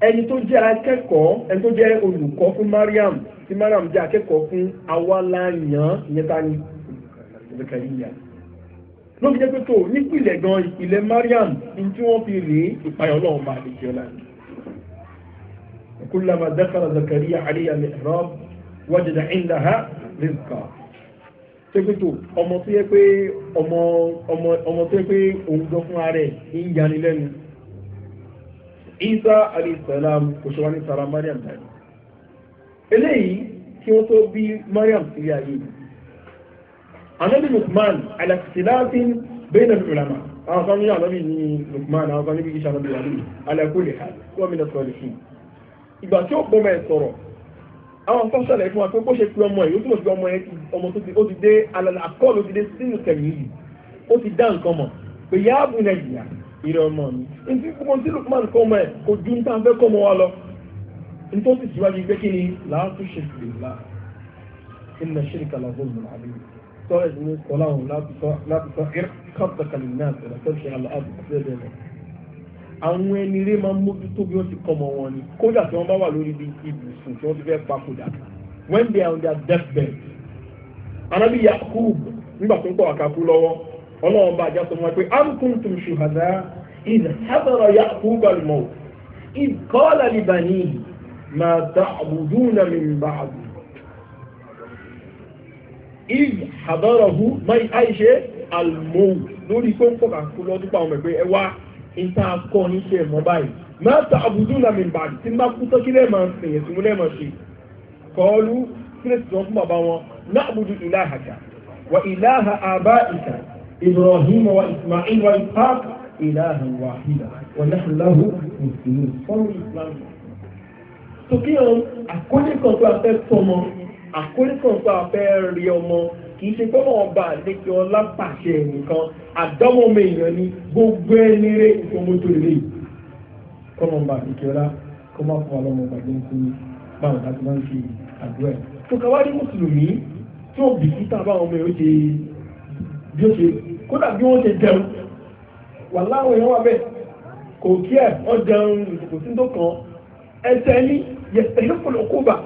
ẹni tó jẹ́ akẹ́kọ̀ọ́ ẹni tó jẹ́ olùkọ́ fún Mariam tí Mariam jẹ́ akẹ́kọ̀ọ́ fún awalàyàn ìyẹn ta ni Zakariya ló fi jẹ́ pé tó nípìnlẹ̀ gan ìpìlẹ̀ Mariam tí wọ́n fi rèé ìpayọ̀ ọlọ́run máa lè jẹ́ láti. كلما دخل زكريا عليها المحراب وجد عندها رزقا tẹgbẹtọ ọmọ tó yẹ pé ọmọ ọmọ ọmọ tó yẹ pé òun gan fún ara ẹ̀ ń yanilẹ́nu isa alayhisalam kò ṣe wá ní sara mariam dání eléyìí kí wọ́n tó bí mariam sí ayé anabi lukman alasilasin bẹ́ẹ̀ náà lulama àwọn kan ní anabi ní lukman àwọn kan níbi iṣẹ́ anabi wà lóyún alakuli ha kí wọ́n mi lọ sọ̀rọ̀ sí ìgbà tí ó pọ̀ mẹ́ sọ̀rọ̀ àwọn kan sọ̀rọ̀ fún wa pé bó ṣe pe ọmọ yìí ó túnbọ̀ sí ọmọ yẹn ọmọ tó ti ó ti dé alàlà akọ́ọ̀lù ti dé sínú kẹ̀mí ó ti dá nǹkan mọ̀ pé yáàbù nàìjíríà ìrẹ ọmọ mi nti kúmọ tí lukman kọ ọmọ ẹ kò ju nta fẹ kọ ọmọ wa lọ nítorí ti síwájú pé kí ni làásù ṣèkìlì ńlá ìnà ṣèkà làbọ ìmọ̀ àbí sọ́ọ́ ẹ̀sìn ní sọ́lá òun láti sọ ẹ̀rọ kọ́ọ̀tà kàlẹ́ náà sọ̀rọ̀ tó ṣe àlọ́ àbùkù sí ẹ̀dẹ̀ náà àwọn ẹni rẹ máa ń mójútó bí wọ́n ti kọ́ ọmọ wọn ni kódà tí wọ́n bá wà lórí ibùsùn tí wọ́n ti fẹ́ papòdà when they are on their deathbed anabi yakub nígbà tó ń pọ̀ àkàkú lọ́wọ́ ọlọ́run bá àjọ sọ fún wa pé amkuntum ṣùhàdá ìdábọ̀rọ̀ yà kúgbàlù mọ́ ìkọ́lá libani máa ta àbùdúnà mi bá àbù. ìdábọ̀rọ̀hu máa àìṣe àlùmọ́wù lórí pé ń pọ̀ kà kú lọ́dún pa àwọn ẹgbẹ́ ẹ wá ìta akọ́ níṣẹ́ ẹ̀mọ́ báyìí máa ta àbùdúnà mi bá àbù tí n kú sókè lẹ́ẹ̀ máa sìn ẹ̀sìn mú lẹ́ẹ̀ máa ṣe kọ́ọ́lù kírísítì wọn fún bàbá wọn náà àbùdú ìlà àjà wà ìlà àbá ìkà إبراهيم وإسماعيل وإسحاق إله واحدا ونحن له مسلمون صلوا islam. sókè ọ̀hún àkọlé kan tó a fẹ́ sọmọ àkọlé kan tó a fẹ́ rí ọmọ kìí ṣe gbọ́dọ̀ ọba àdékè ọlá pàṣẹ nìkan àdánwò ọmọ èèyàn ni gbogbo ẹni rẹ ìfọmọtò rẹ kọ́mọ ọba àdékè ọlá kọ́mọ fún wa lọ́mọ ń kúrú báwo láti máa ń fi àdúrà tó kàwá ní mùsùlùmí tó bìkítà báwọn ọmọ yóò ṣe bí ó ṣe kódà bí wọ́n ṣe jẹun wà láwọn èèyàn wà bẹ́ẹ̀ kò kí ẹ̀ wọ́n jẹun ìdìbò sí tó kàn ẹsẹ̀ ní yẹsẹ̀ yóò fọlọ́ kó bà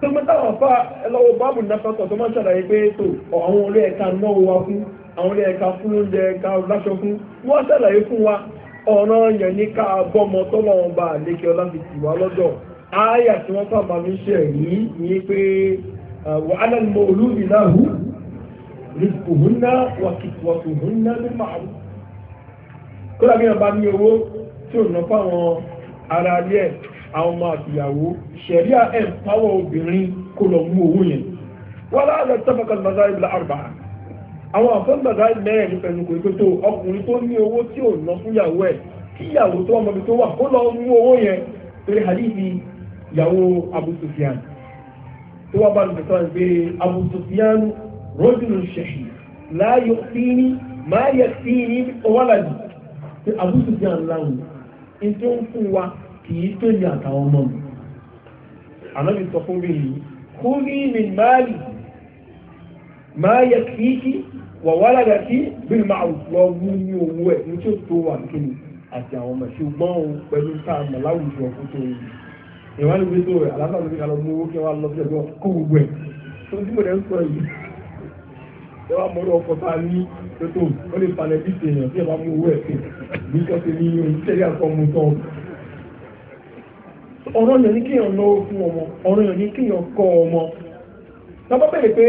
tó mọ́ táwọn afá ẹlọ́wọ́ báàbù nàfàtọ̀ tó máa ṣàlàyé pé tó àwọn orí ẹ̀ka náà wá fún àwọn orí ẹ̀ka fún oúnjẹ ẹ̀ka láṣọ fún wọ́n ṣàlàyé fún wa ọ̀ràn yẹn ní ká bọ́mọ tọ́lọ́run bá àlékè ọlá fi tì wá lọ́dọ̀ ááyà tí wọ́n sábà fi ṣe ẹ̀rí ni pé wàhálà ni mo olú ìlàhùn rizquhunna wa kitwatuhunna bil ma'ruf kódà bí wọn bá ní owó tí ò ná fáwọn ara rí ẹ àwọn ọmọ àtìyàwó ṣẹ̀ríà ẹ̀ ń pawọ́ obìnrin kó lọ mú owó yẹn wọ́n láàlọ́ sábàkà lọ́dá ìbílà arba'a àwọn àfọ́nbàdá mẹ́rin ní pẹ̀lú kò tó ọkùnrin tó ní owó tí ò ná fún ìyàwó ẹ̀ kí ìyàwó tó ọmọ mi tó wà kó lọ mú owó yẹn torí hadithi rọ́jùlù ṣèṣì láàyò fíní máa yẹ fíní ọwọ́làdì pé àbúrò bí aláwọ̀ ní tó ń fún wa kì í tó ní àtàwọn ọmọ mi. ànábì sọ fún mi yìí kú ní mi máàlì máa yẹ fíìkì wà wọ́làdà sí bí màá lọ wú ní owó ẹ̀ ní tó tó wà nínú àti àwọn ọmọ ṣùgbọ́n òun pẹ̀lú sáà mọ̀ láwùjọ kó tó yẹ ìwádìí wípé tó rẹ̀ àlàáfíà ló fi kalọ̀ mú owó kí wọ́n á lọ sí ẹgbẹ́ kó gbogbo ẹ̀ tó ń dìbò ń sọ yìí ẹ wá mọ̀rọ̀ ọkọ̀ tá a ní tótó ó lè palẹ̀ bí tèèyàn tí ẹ bá mú owó ẹ̀ pé ní sọ́sẹ̀ ní oníṣẹ́lẹ̀ àkọ́mu tán. ọ̀rọ̀ yẹn ní kéèyàn náwó fún ọmọ ọ̀rọ̀ yẹn ní kéèyàn kọ́ ọmọ. lọ́pọ̀ bẹ̀rẹ̀ pé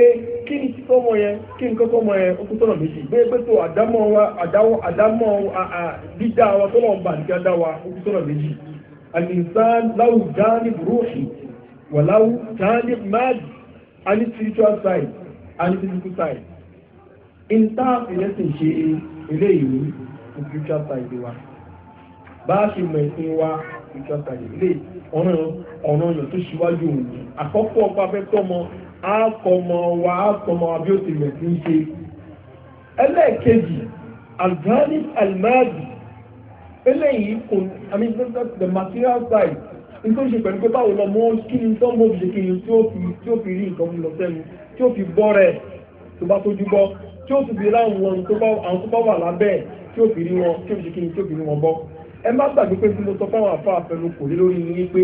kí ni kí ọmọ yẹn kí ni kọ́kọ́ ọmọ yẹn ó kú sọ̀rọ̀ méjì bẹ́ẹ̀ pé tó àdámọ́ wa àdámọ́ dídá wa tó lọ́n bà nígbà dá wa ó kú sọ̀rọ̀ méjì. àlìsàn láwù dáánì rúùsì wà láwù dáánì máàdì àní spiritual side àní physical side intaasi lẹ́sìn ṣe eléyìí ní future side wa bá a ṣe mọ̀ ẹ̀sìn wa future side ilé ọ̀ràn ọ̀ràn ọ̀yàn tó ṣíwájú òun àkọ́kọ́ ọ̀pá fẹ́ tọ́mọ wa àkọ́mọ wa bí ó ti mẹ̀sí ń ṣe ẹlẹ́ẹ̀kejì alghani almadi eléyìí kò i mean the material side nítorí ṣe pẹ̀lú pé báwo lọ mọ́ kí ni tọ́mọ òbí ṣe kí ni tí ó fi rí nǹkan lọ sẹ́nu tí ó fi bọ́ rẹ̀ tó bá tójú bọ́ tí ó sì fi láwọn àwọn tó bá wà lábẹ́ ẹ̀ tí ó fi rí wọn tí ó fi kí ni tí ó fi rí wọn bọ́ ẹ má gbàgbé pé tí mo sọ fáwọn àfa àfẹnu kò lé lórí yín pé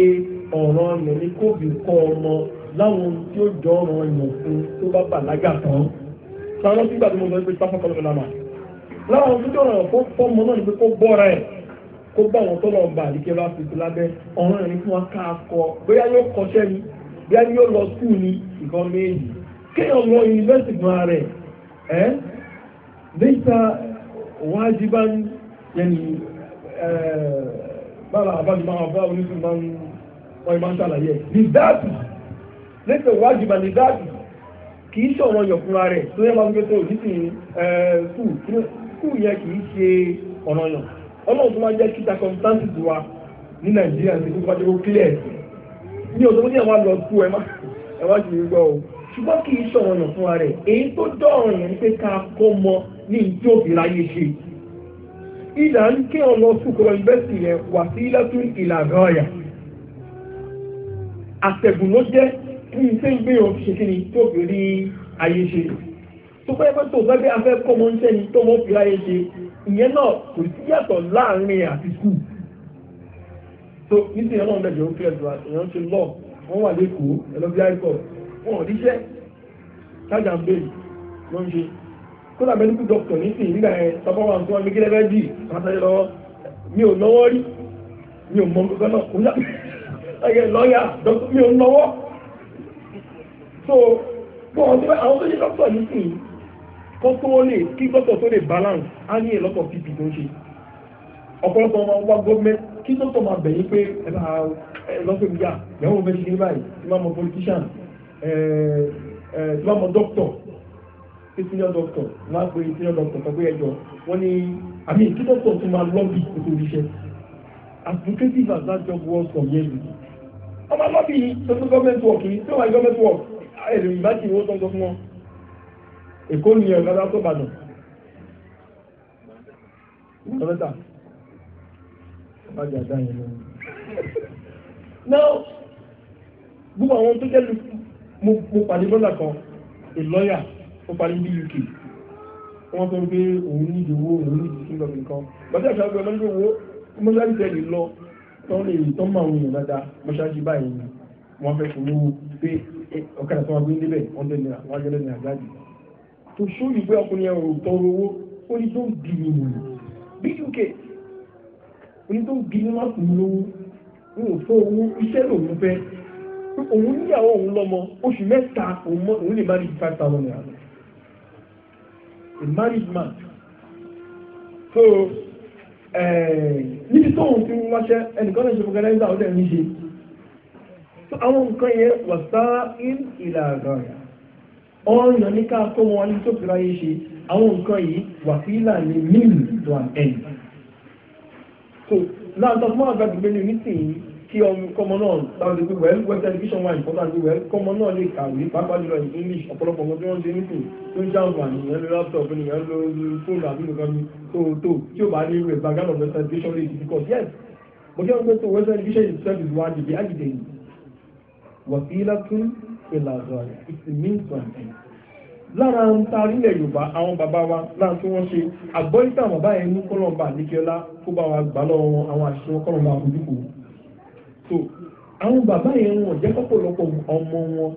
ọ̀ràn rẹ̀ ni kóbi kọ́ ọmọ láwọn tí ó jọ ọ̀ràn èèyàn fún tó bá bàlágà tán sáré sígbà tí mo sọ pé sáfà kọlọ́ lọ́nà láwọn tó jọ̀ràn fún fọ́ọ̀mù náà ni pé kó bọ́ra ẹ̀ kó bá àwọn tó lọ́ọ́ bá àdìkẹ́ bá fi lábẹ́ ọ̀ràn rẹ̀ ni fún wa ká kọ bóyá yóò kọ́ṣẹ́ ni bóyá yóò lọ skul ni ìkan méjì kéèyàn wọ yunifásitì gan rẹ̀ ẹ́ níta wájibá bára bá máa ń wọ́n máa ń ṣàlàyé ní dáàbì níta wájibá ní dáàbì kì í ṣọ̀rọ̀ yọ̀kúnra rẹ̀ tó yẹ máa ń gbé tó nísìnyí kì í ṣe ọ̀nà ọlọ́run tó máa jẹ́ wa ní nàìjíríà ṣùgbọ́n kì í sọ̀rọ̀ ọ̀nà fúnra rẹ̀ èyí tó dọ̀rọ̀ yẹn pé ká kọ́ mọ ní ìjọ òbíra yé ṣe. ìlà ń ké ọ lọ sùkúrọ̀ yunifásitì yẹn wà sí ilẹ̀kùn ìlànà ọ̀yà. àtẹ̀gùn ló jẹ́ kí n ṣe ń gbé yàn ṣe kí ni tó fi rí ayé ṣe. tó pẹ́ pẹ́ tó fẹ́ afẹ́ kọ́ mọ iṣẹ́ ni tó mọ́ fi ráyé ṣe ìyẹn náà kò sí yàtọ̀ láàrin àti skul. so nítorí ọlọ́run dẹ̀jọ́ ó kílẹ̀ tó wa èèyàn ti lọ wọ́n wà wọn ò ríṣẹ́ ṣáàjà ń bèèrè ló ń ṣe kódà mẹ́díkù dọ́kítọ̀ ní sìn nígbà yẹn sọ fún wa tí wọ́n mi kílẹ̀ fẹ́ dì látàrí lọ́wọ́ mi ò lọ́wọ́ rí mi ò mọ nǹkan náà kó yá lọ́yà mi ò lọ́wọ́ so bọ́ọ̀ tí àwọn tó ṣe dọ́kítọ̀ ní sìn kó tó lè kí dọ́kítọ̀ tó lè balance á ní ìlọ́pọ̀ pp tó ń ṣe ọ̀pọ̀lọpọ̀ ọmọ wa gọ́ọ̀mẹ́ntì kí dọ́kítọ̀ máa bẹ̀yìn pé ẹ bá lọ́sọ̀ọ́ ìyá ìyàwó lọ́mọ dọ́kítọ̀ sí senior doctor wọ́n á pe senior doctor kan pé ẹjọ́ wọ́n ní àmì kí doctor tún máa lọ́bì kótó oríṣẹ́ as lucrative as that job was some years ago ọmọ lọ́bì social government work yìí tí wọ́n wáyé government work èrè ìbáṣe ìwọ́n tó ń sọ fún wọn èkó ni ẹ̀rọ lọ́dọ̀ tó bàdàn lọ́dọ̀ta bájà dá yẹn lọ́wọ́. now gbogbo àwọn tó jẹ́ mo pàdé lọ́là kan a lawyer ó parí ní UK wọ́n sọ pé òun ní ìdíwó òun ní ìdíwó lọ́bì nǹkan bàtí àṣà ọgbẹ́ ọlọ́dún wo mọ́ṣáláṣí tẹ̀lé lọ tán lè tán máa ń yàn dáadáa mọ́ṣáláṣí báyìí ni wọ́n fẹ́ fún lówó pé ọ̀kadà tó wà gbé níbẹ̀ wọ́n tẹ̀lé àwọn ajẹ́lẹ̀ ní àgbájì tó ṣó ìgbé ọkùnrin ẹ̀rọ tọrọ owó ó ní tó ń di mi nù bí UK ó ní tó ń di mi má fún lówó ń fọ owó iṣẹ́ lòun fẹ́ òun níyàwó òun lọ́mọ oṣù mẹ́ta òun lè marry five thousand naira a married man so eh, níbi tóun ti ń wáṣẹ́ ẹnìkan náà ṣe fọkànlẹ́ńdà ọ̀dẹ̀ ní ṣe àwọn nǹkan yẹn wàsá in ìlà àgbàyà ọ̀yàn ní ká tó wọn tó fìlà yìí ṣe àwọn nǹkan yìí wàsílà ní mean to an end so láǹtọ̀ fún àgbàdo gbé onísìnyí kí ọmọ kọ́mọ náà láti pé well web television wà important pé well náà lè kàwé pàápàá jùlọ English ọ̀pọ̀lọpọ̀ ọmọ tí wọ́n ṣe nítò tó ń ṣàǹfà nìyẹn ló laptop nìyẹn ló fóònù àbí nǹkan mi tó tó tí ó bá ní ìwé background of web television lè yes mo jẹ́ pé tó web television itself is one dìbì ágìdè yìí wàsílà tún ìlàzọ̀ it's a means to an end lára ń tarí ilẹ̀ yorùbá àwọn bàbá wa lára tí wọ́n ṣe àgbọ́yítà bàbá yẹn ní kọ́lọ́mbà níkẹ́lá tó bá wa gbà lọ́wọ́ àwọn àṣìṣe kọ́lọ́mbà àbójúkò so àwọn bàbá yẹn wọn jẹ́ pọ̀pọ̀lọpọ̀ ọmọ wọn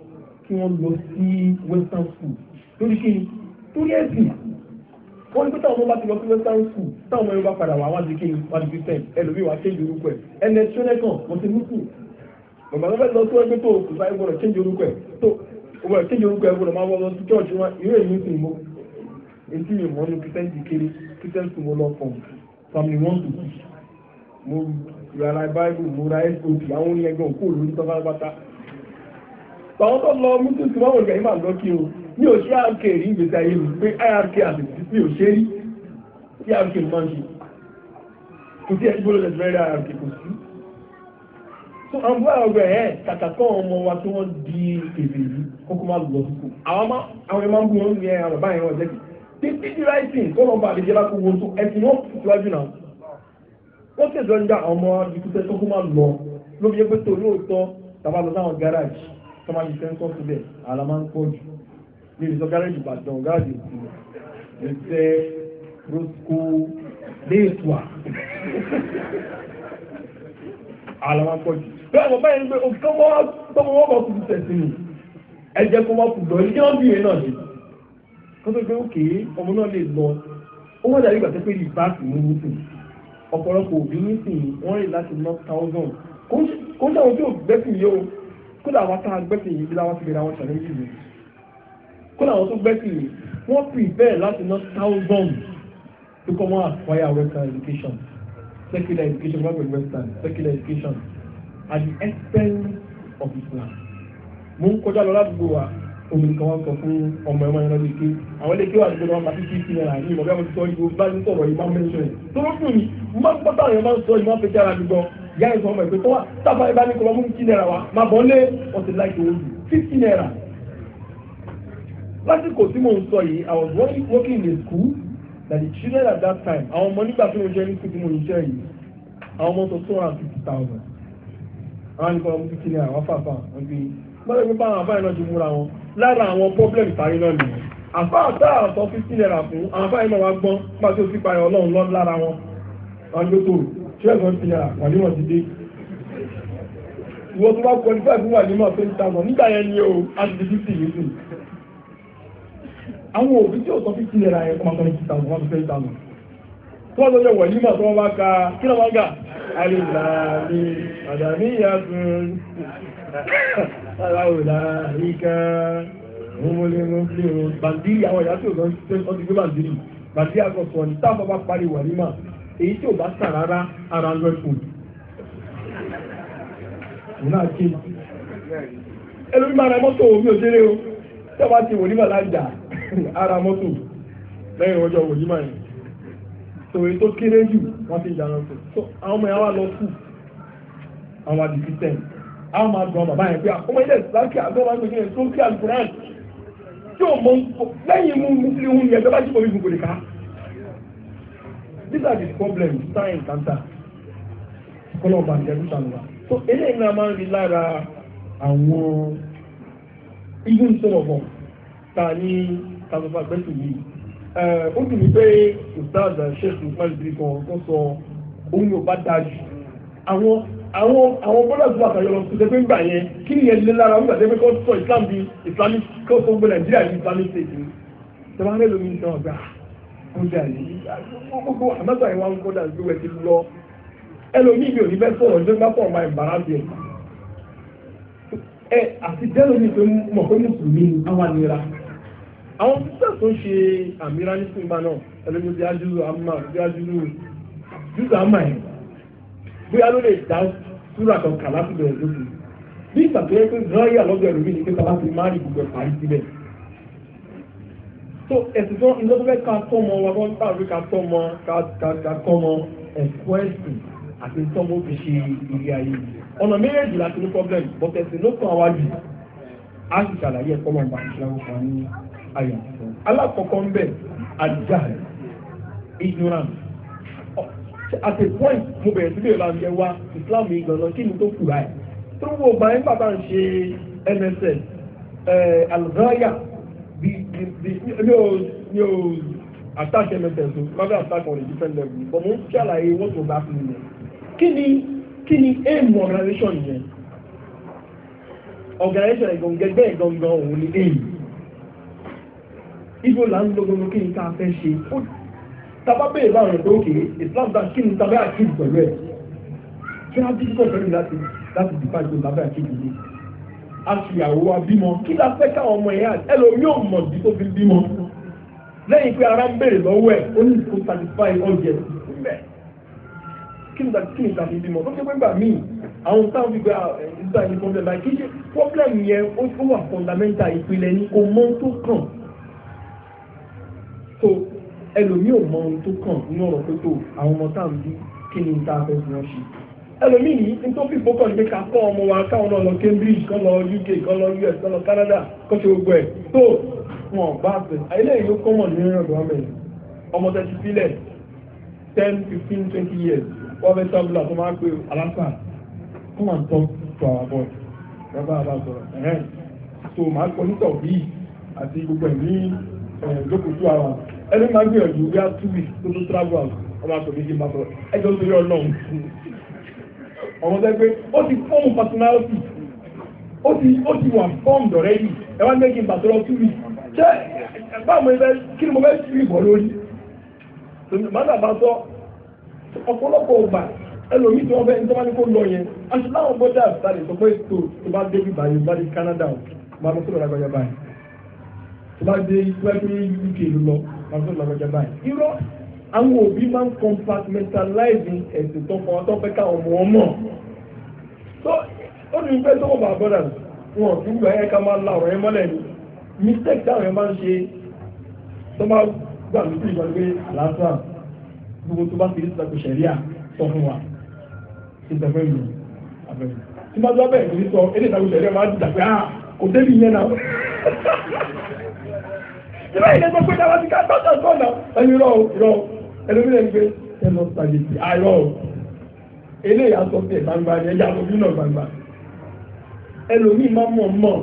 kí wọ́n lọ sí western school lórí kí ni torí ẹ̀sìn wọ́n ní pé táwọn ọmọ bá ti lọ sí western school táwọn ọmọ yẹn bá padà wá wá di kí ni wá di christian ẹlòmíì wá change orúkọ ẹ̀ ẹnẹ tíọ́lẹ́kàn wọ́n ti mú kù bàbá tó fẹ́ lọ sí ẹgbẹ́ tó kù sáyé gbọ́dọ̀ change orúkọ ẹ̀ tó wọ́n change orúkọ ẹ̀ gbọ́dọ̀ máa wọ́n lọ sí church wọn irú èyí ń sìn mọ́ etí mi mọ́ ní christian ti kéré christian school mo lọ fọ̀ family one two mo ìrara báìbù múra sop àwọn oníyẹn gan kó lórí tán pátápátá àwọn tó lọ mútu tí wọ́n wò kẹ́yìn máa lọ kí o ní òṣù rk rí ìgbésí ayé mi pé irk àtẹ̀sí mi ò ṣe rí tí rk máa ń ṣe kò sí ẹ̀sìn bọ́lọ́dẹ̀ tó rẹ́rẹ́ rk kò sí. tó àwọn bá ọgbẹ ẹ kàkà kọ́ ọmọ wa tí wọ́n di èdè yìí kókó máa lọ sí kù àwọn ẹ̀ máa ń bú wọn ní ẹ̀ àwọn báyìí wọn jẹ́ kí títí wọ́n tẹ̀sọ́ ń dá ọmọ ìkúté tó kó máa lọ ló fi yẹ pé tó lóòótọ́ tàbá lọ sáwọn gáràjì tó máa ṣiṣẹ́ ń kọ́ síbẹ̀ àlà máa ń pọ̀ jù ní ìsọ gáràjì ìbàdàn gáràjì ètò ìṣẹ́ rosco léètùà àlà máa ń pọ̀ jù. bẹ́ẹ̀ mo báyìí pé òkè tọ́mọ wọn bá kú sí tẹ̀sí mi ẹ jẹ́ kó má kú lọ ilé wọn bí yẹn náà ni kó tó gbé òkè ọmọ náà lè lọ ó ọ̀pọ̀lọpọ̀ òbí nísìnyí wọ́n rìn láti ná thousand kó sáwọn tí ò gbẹ́sìn yìí o kó làwọn tá a gbẹ́sìn yìí láwọn ti bẹ̀rẹ̀ àwọn challenge yìí kó làwọn tó gbẹ́sìn yìí wọ́n prepare láti ná thousand to come and acquire western education secular education not western secular education at the expense of Islam mo ń kọjá lọ ládùúgbò wa omi kan wá sọ fún ọmọ ẹ̀wọ̀n ẹ̀rọ lè ké àwọn lè ké wà wọn pàtó fífi náírà ní ìmọ̀ bí wọn sọ ìbò bá ń sọ̀rọ̀ ìmọ̀ mẹ́sàn ẹ̀ tó ló fún mi má pátá àwọn máa sọ ìmọ̀ apẹ̀tẹ̀ ara mi ìyá ẹ̀ ọmọ ẹ̀ tó wà tábà ẹ̀ ní kọ́mọ́ mú kí náírà wa má bọ́ lé ọ̀sẹ̀ láìpẹ́ ojú fífi I was working in a school that the children at that time àwọn ọmọ nígbà tí mo jẹ́ ní kùtù mo ń jẹ́ yìí àwọn ọmọ fifty thousand àbáyé náà ti múra wọn lára àwọn pọ́blẹ́mù parí náà nìyẹn àfa àtà àtọ́ fifty naira fún àwọn afáyé náà wá gbọ́n nígbà tí ó fi parí ọlọ́run lọ lára wọn wọn ló tó twelve hundred naira wà ní wọn ti dé ìwọ tó bá qualify fún wà ní wọn twenty thousand nígbà yẹn ni o a ti di fifty yìí sùn àwọn òbí tí ó sọ fifty naira yẹn kọ́ máa twenty thousand one twenty thousand tó wọ́n lọ́jọ́ wọ̀nyí mà tó wọ́n bá ka kí ló máa ń gà àlè ìlànà àdàmíyàtún aláwòláríkà múmúlémúfúlérò bàndírí àwọn ìyá tí ò lọ ti gbé bàndírí bàndírí àgọ́sọ̀ ní táwọn bá parí wàlímà èyí tí ò bá sà rárá ara lọ ẹ̀kọ́ náà ké ẹlòmí máa ra mọ́tò omi òṣèré o tí wọ́n bá ti wòlímà lájà ara mọ́tò lẹ́yìn ọjọ́ wòlímà yẹn tòwé tó kéré jù wọ́n ti jà lọ́sọ̀ àwọn ọmọ yẹn wá lọ àwọn àdìsí tẹ̀yìn a máa dùn bàbá yẹn pé ah, ọmọ ilé ìsìláńkì àgbọ̀n máa ń tó kí alukuran tí o mọ lẹ́yìn mú muslim hun yẹn tó bá jí omi gbogbo nìkan. these are the problems science and that kọ́lọ̀ ọba àti ẹ̀rú sàlùwà so eléyìí náà máa ń rí lára àwọn even sọ̀rọ̀ bọ̀ ta ní kàlùfà gbẹ́sù yìí eh, ó dùn mí pé ustaz sheikh lukman idris kan tó sọ òun yóò bá dájú àwọn àwọn àwọn brothers wa kàyọ̀ lọ sílẹ̀ pé ń gbà yẹn kí ni yẹn lé lára wọn gbàdé pé kó sọ islam di islamic kó sọ gbé nàìjíríà di islamic state ni tẹ̀wọ́n rẹ̀ lómi sọ ọ̀gá kódà yìí gbogbo àmọ́tà ìwà ń kódà ju ẹ̀ ti lọ ẹlòmíì mi ò ní bẹ́ẹ̀ sọ̀rọ̀ ṣé ń bá pọ̀ ọ̀ma ìbára bí ẹ̀ ẹ àti jẹ́lómi pé mọ̀ pé mùsùlùmí àwọn ànira àwọn sísẹ́ tó ṣe àmìrá ní sinimá náà ẹlòmíì bí ajúlù àmà bí ajúlù àmà yẹn bóyá ló lè dá súrà kan kà láti bẹ̀rẹ̀ lókè bí ìsàkóyẹ pé ráyà lọ́dọ̀ ẹlòmíì ni pé kàlá ti má rí gbogbo ẹ̀fà yìí síbẹ̀. so ẹ̀sìn tó ń lọ́dọ̀ fẹ́ ká tọ́ mọ wa bọ́ nípa àbí ká tọ́ mọ ká kọ́ mọ ẹ̀kọ́ ẹ̀sìn àti tọ́mọ fi ṣe ilé ayé ọ̀nà méjèèjì láti ní problem but ẹ̀sìn ló kàn wá jù á sì ṣàlàyé ẹ̀kọ́ mọ̀ nípa ìṣẹ́ òkun ní ayọ̀ alákọ̀ọ́kọ́ ń bẹ̀ àdìjà ignorance at a point mo bẹ̀rẹ̀ sílẹ̀ la yẹ wa islam yìí gan-an kí ni tó kù báyìí tó wo ọgbà yín bàbá ń ṣe nss eh, alzaya bí bí mi ò mi ò attack nss o má bẹ́ẹ̀ attack on a different level but mo ń ṣàlàyé what was happening there kí ni kí ni aim organization yẹn organization ìgbọ̀ngàn bẹ́ẹ̀ gangan òun ni aim ibo là ń lo gbogbo kí ni ká fẹ́ ṣe tàbá bẹ́ẹ̀ láwọn ètò òkè islam dá kí ni tàbá àkíyèsí pẹ̀lú ẹ̀ kí wọ́n á dídíkọ̀ pẹ̀lú láti láti dìpá ìgbò tàbá àkíyèsí ní. a fi àwo abímọ kí la fẹ́ káwọn ọmọ ẹ̀yà ẹlòmí ò mọ̀ bí tó fi bímọ lẹ́yìn pé ara ń béèrè lọ́wọ́ ẹ̀ ó ní kó satisfy ọ̀jẹ̀ mbẹ́ kí ni kí ni tàbí bímọ tó ṣe pé gbà míì àwọn táwọn fi gba ìgbà yìí problem báyìí kí ṣe problem yẹn ó wà fundamental ìpìlẹ̀ ní kò mọ́ tó kàn ẹlòmíì ò mọ ohun tó kàn nínú ọ̀rọ̀ pé tó àwọn ọmọ tá à ń bí kí ni tá a fẹ́ fi wọn ṣe ẹlòmíì ní nítorí fòkàn ní pé ká kọ́ ọmọ wa káwọn náà lọ Cambridge kọ́ lọ UK kọ́ lọ US kọ́ lọ Canada kọ́ ṣe gbogbo ẹ̀ tó wọn bá fẹ́ ayélujára yóò kọ́ mọ̀ ní ọ̀dọ̀ amẹ́rin ọmọ tẹ̀sí sílẹ̀ ten fifteen twenty years wọ́n fẹ́ tábìlà tó máa ń pè aláfà come and talk to our boy bàbá àbá sọ̀rọ̀ ẹ̀hẹ́n so màá kọ́ nítọ̀ bíi àti gbogbo ẹ̀ ní ìjókòó two hours ẹni máa gbìyànjú bí a túbì tó tó travel out ọmọ àtọ̀ méjì máa sọ ẹjọ́ torí ọlọ́run ọmọ sẹ́ pé ó ti fọ́ọ̀mù personality ó ti ó ti wà fọ́ọ̀mù dọ̀rẹ́ yìí ẹ wá méjì bàtọ́ lọ túbì ṣé báwo ni kí ni mo fẹ́ túbì bọ̀ lórí màdà bá sọ ọ̀pọ̀lọpọ̀ ọgbà ẹlòmíì tí wọ́n fẹ́ nítorí wọn kó lọ yẹn aṣọ láwọn bọ́dà àtàlẹ̀ sọ pé tó tó bá débi báyìí bá dé Canada bá lọ sọ́dọ̀ lágbàjá báyìí tó bá dé pẹ́pẹ́ uk lọ lásán lọ́gọ́jà báyìí. irọ́ àwọn òbí máa ń compartmentalize ẹ̀sìn tó kọ́ tó fẹ́ ká ọmọ ọmọ. tó ó ní pẹ́ tó wọ́n bá bọ́dà wọn kí gbà ẹ̀ ká máa la ọ̀rọ̀ yẹn mọ́lẹ̀ ni mistake táwọn yẹn máa ń ṣe tó máa gbà lójú ìgbàgbé lásán gbogbo tó bá ti rí sàkó sẹ̀ríà sọ fún wa ìtẹ̀fẹ́ mi àbẹ̀wò tí máa tó bá bẹ̀rẹ̀ sí sọ eléyìí sàkó sẹ̀ríà máa dìjà pé ah kò débi yẹn náà ìwé ìlé tó gbé dáwọ́ sí ká tọ́jà sọ́nà ẹni rọ rọ ẹlòmí lẹ́nu pé ẹ lọ spaghetti àárọ̀ eléyà sọ pé gbangba ni ẹja tó bínú gbangba ẹlòmí máa mọ̀ mọ̀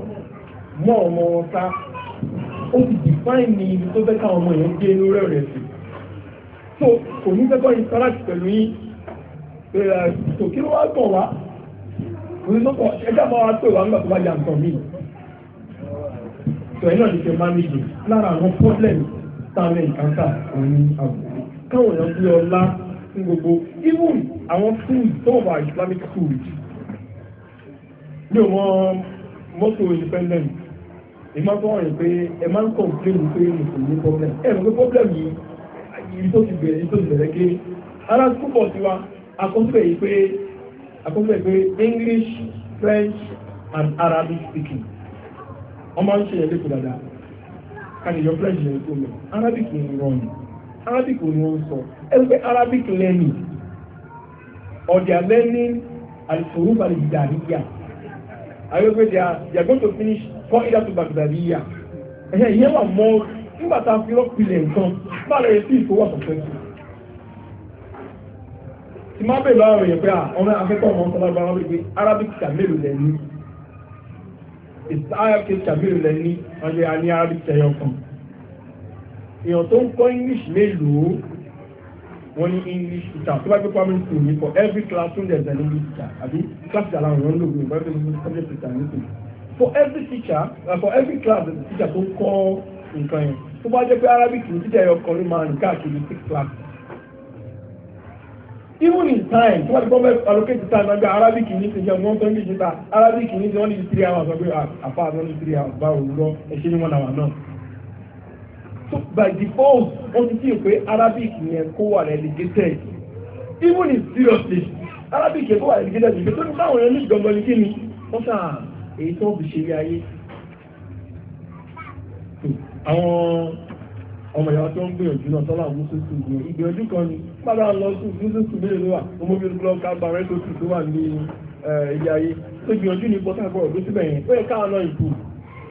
mọ̀ ọmọ wọn ká ó ti define ní ibi tó fẹ́ káwọn ọmọ yẹn gé lórí ọ̀rẹ́ sí so kò ní fẹ́ kọ́ interact pẹ̀lú yín tòkí ló wá gbọ̀n wá kò ní sọ́kọ̀ ẹja máa wá pè wá nígbà tó bá yà nǹkan míì tọ̀ ẹ́ náà ti fẹ́ mánéjì lára àwọn pọ́blẹ̀mù táwọn ìkáńtà òun ní àbùkù káwọn èèyàn gbé ọlá fún gbogbo even àwọn food some of our Islamic food ní ọmọ mọ́tò independent ìmọ̀ tó wọ̀nyí pé ẹ máa ń complain pé mùsùlùmí problem ẹ mọ̀ pé problem yìí ibi tó ti bẹ̀rẹ̀ ibi tó ti bẹ̀rẹ̀ kéré ara púpọ̀ sí wa àkọsílẹ̀ yìí pé àkọsílẹ̀ pé English French and Arabic speaking wọ́n máa ń ṣe yẹn lẹ́kọ̀ọ́ dáadáa kàní your flesh yẹn kó lọ arabic ni wọ́n arabic ni wọ́n sọ ẹgbẹ́ arabic learning or they are learning al-huruf al-hidariya ayọ́gbẹ́ they are they are going to finish kọ́ ìdá tó baghdadiya ẹ̀yẹ ìyẹn wà mọ́ nígbà tá a fi lọ́pìlẹ̀ nǹkan bá lọ yẹ sí ìfowópamọ́ tí máa bèèrè lọ́wọ́ rẹ̀ pé àwọn akẹ́kọ̀ọ́ wọn sọ lágbára wípé arabic kà mélòó ìsáyàkè kàbírù lẹ ní ọjọ́ àní àríkẹyọ kan èèyàn tó ń kọ́ english mélòó wọ́n ní english teacher tó bá gbé primary school ní for every classroom there is an english teacher àbí class ìjà làwọn èèyàn ń lò wọ́n bá subject teacher nípìn for every teacher uh, for every class there is a teacher tó ń kọ́ nǹkan yẹn tó bá jẹ́ pé arabic ní teacher yọ kan ló máa ń káàkiri six classes even in time tí wọ́n ti kọ́mẹ́ allocate time ẹgbẹ́ arabic ní ti jẹ́ one twenty jìta arabic ní ti wọ́n ní three hours ọgbẹ́ ah, àfa àti wọ́n ní three hours báwo lọ ẹ̀ṣẹ́ ní one hour náà. so by default wọ́n ti fi pé arabic yẹn kó wà relegated even if seriously arabic yẹn kó wà relegated ìgbé tó ní báwọn yẹn ní gbọ̀ngàn ní kíni wọ́n sà èyí tó fi ṣe ayé. àwọn ọmọ ìyàwó tó ń gbìyànjú náà tọ́lá àmúṣe sùn gbìyànjú kan ni padà lọ sí jésù mélòó ló wà ọmọ mi lọ tó ti tó wà ní ilé ayé tó gbìyànjú ní port harcourt síbẹ̀ yẹn ó yẹ káwọn náà ìkú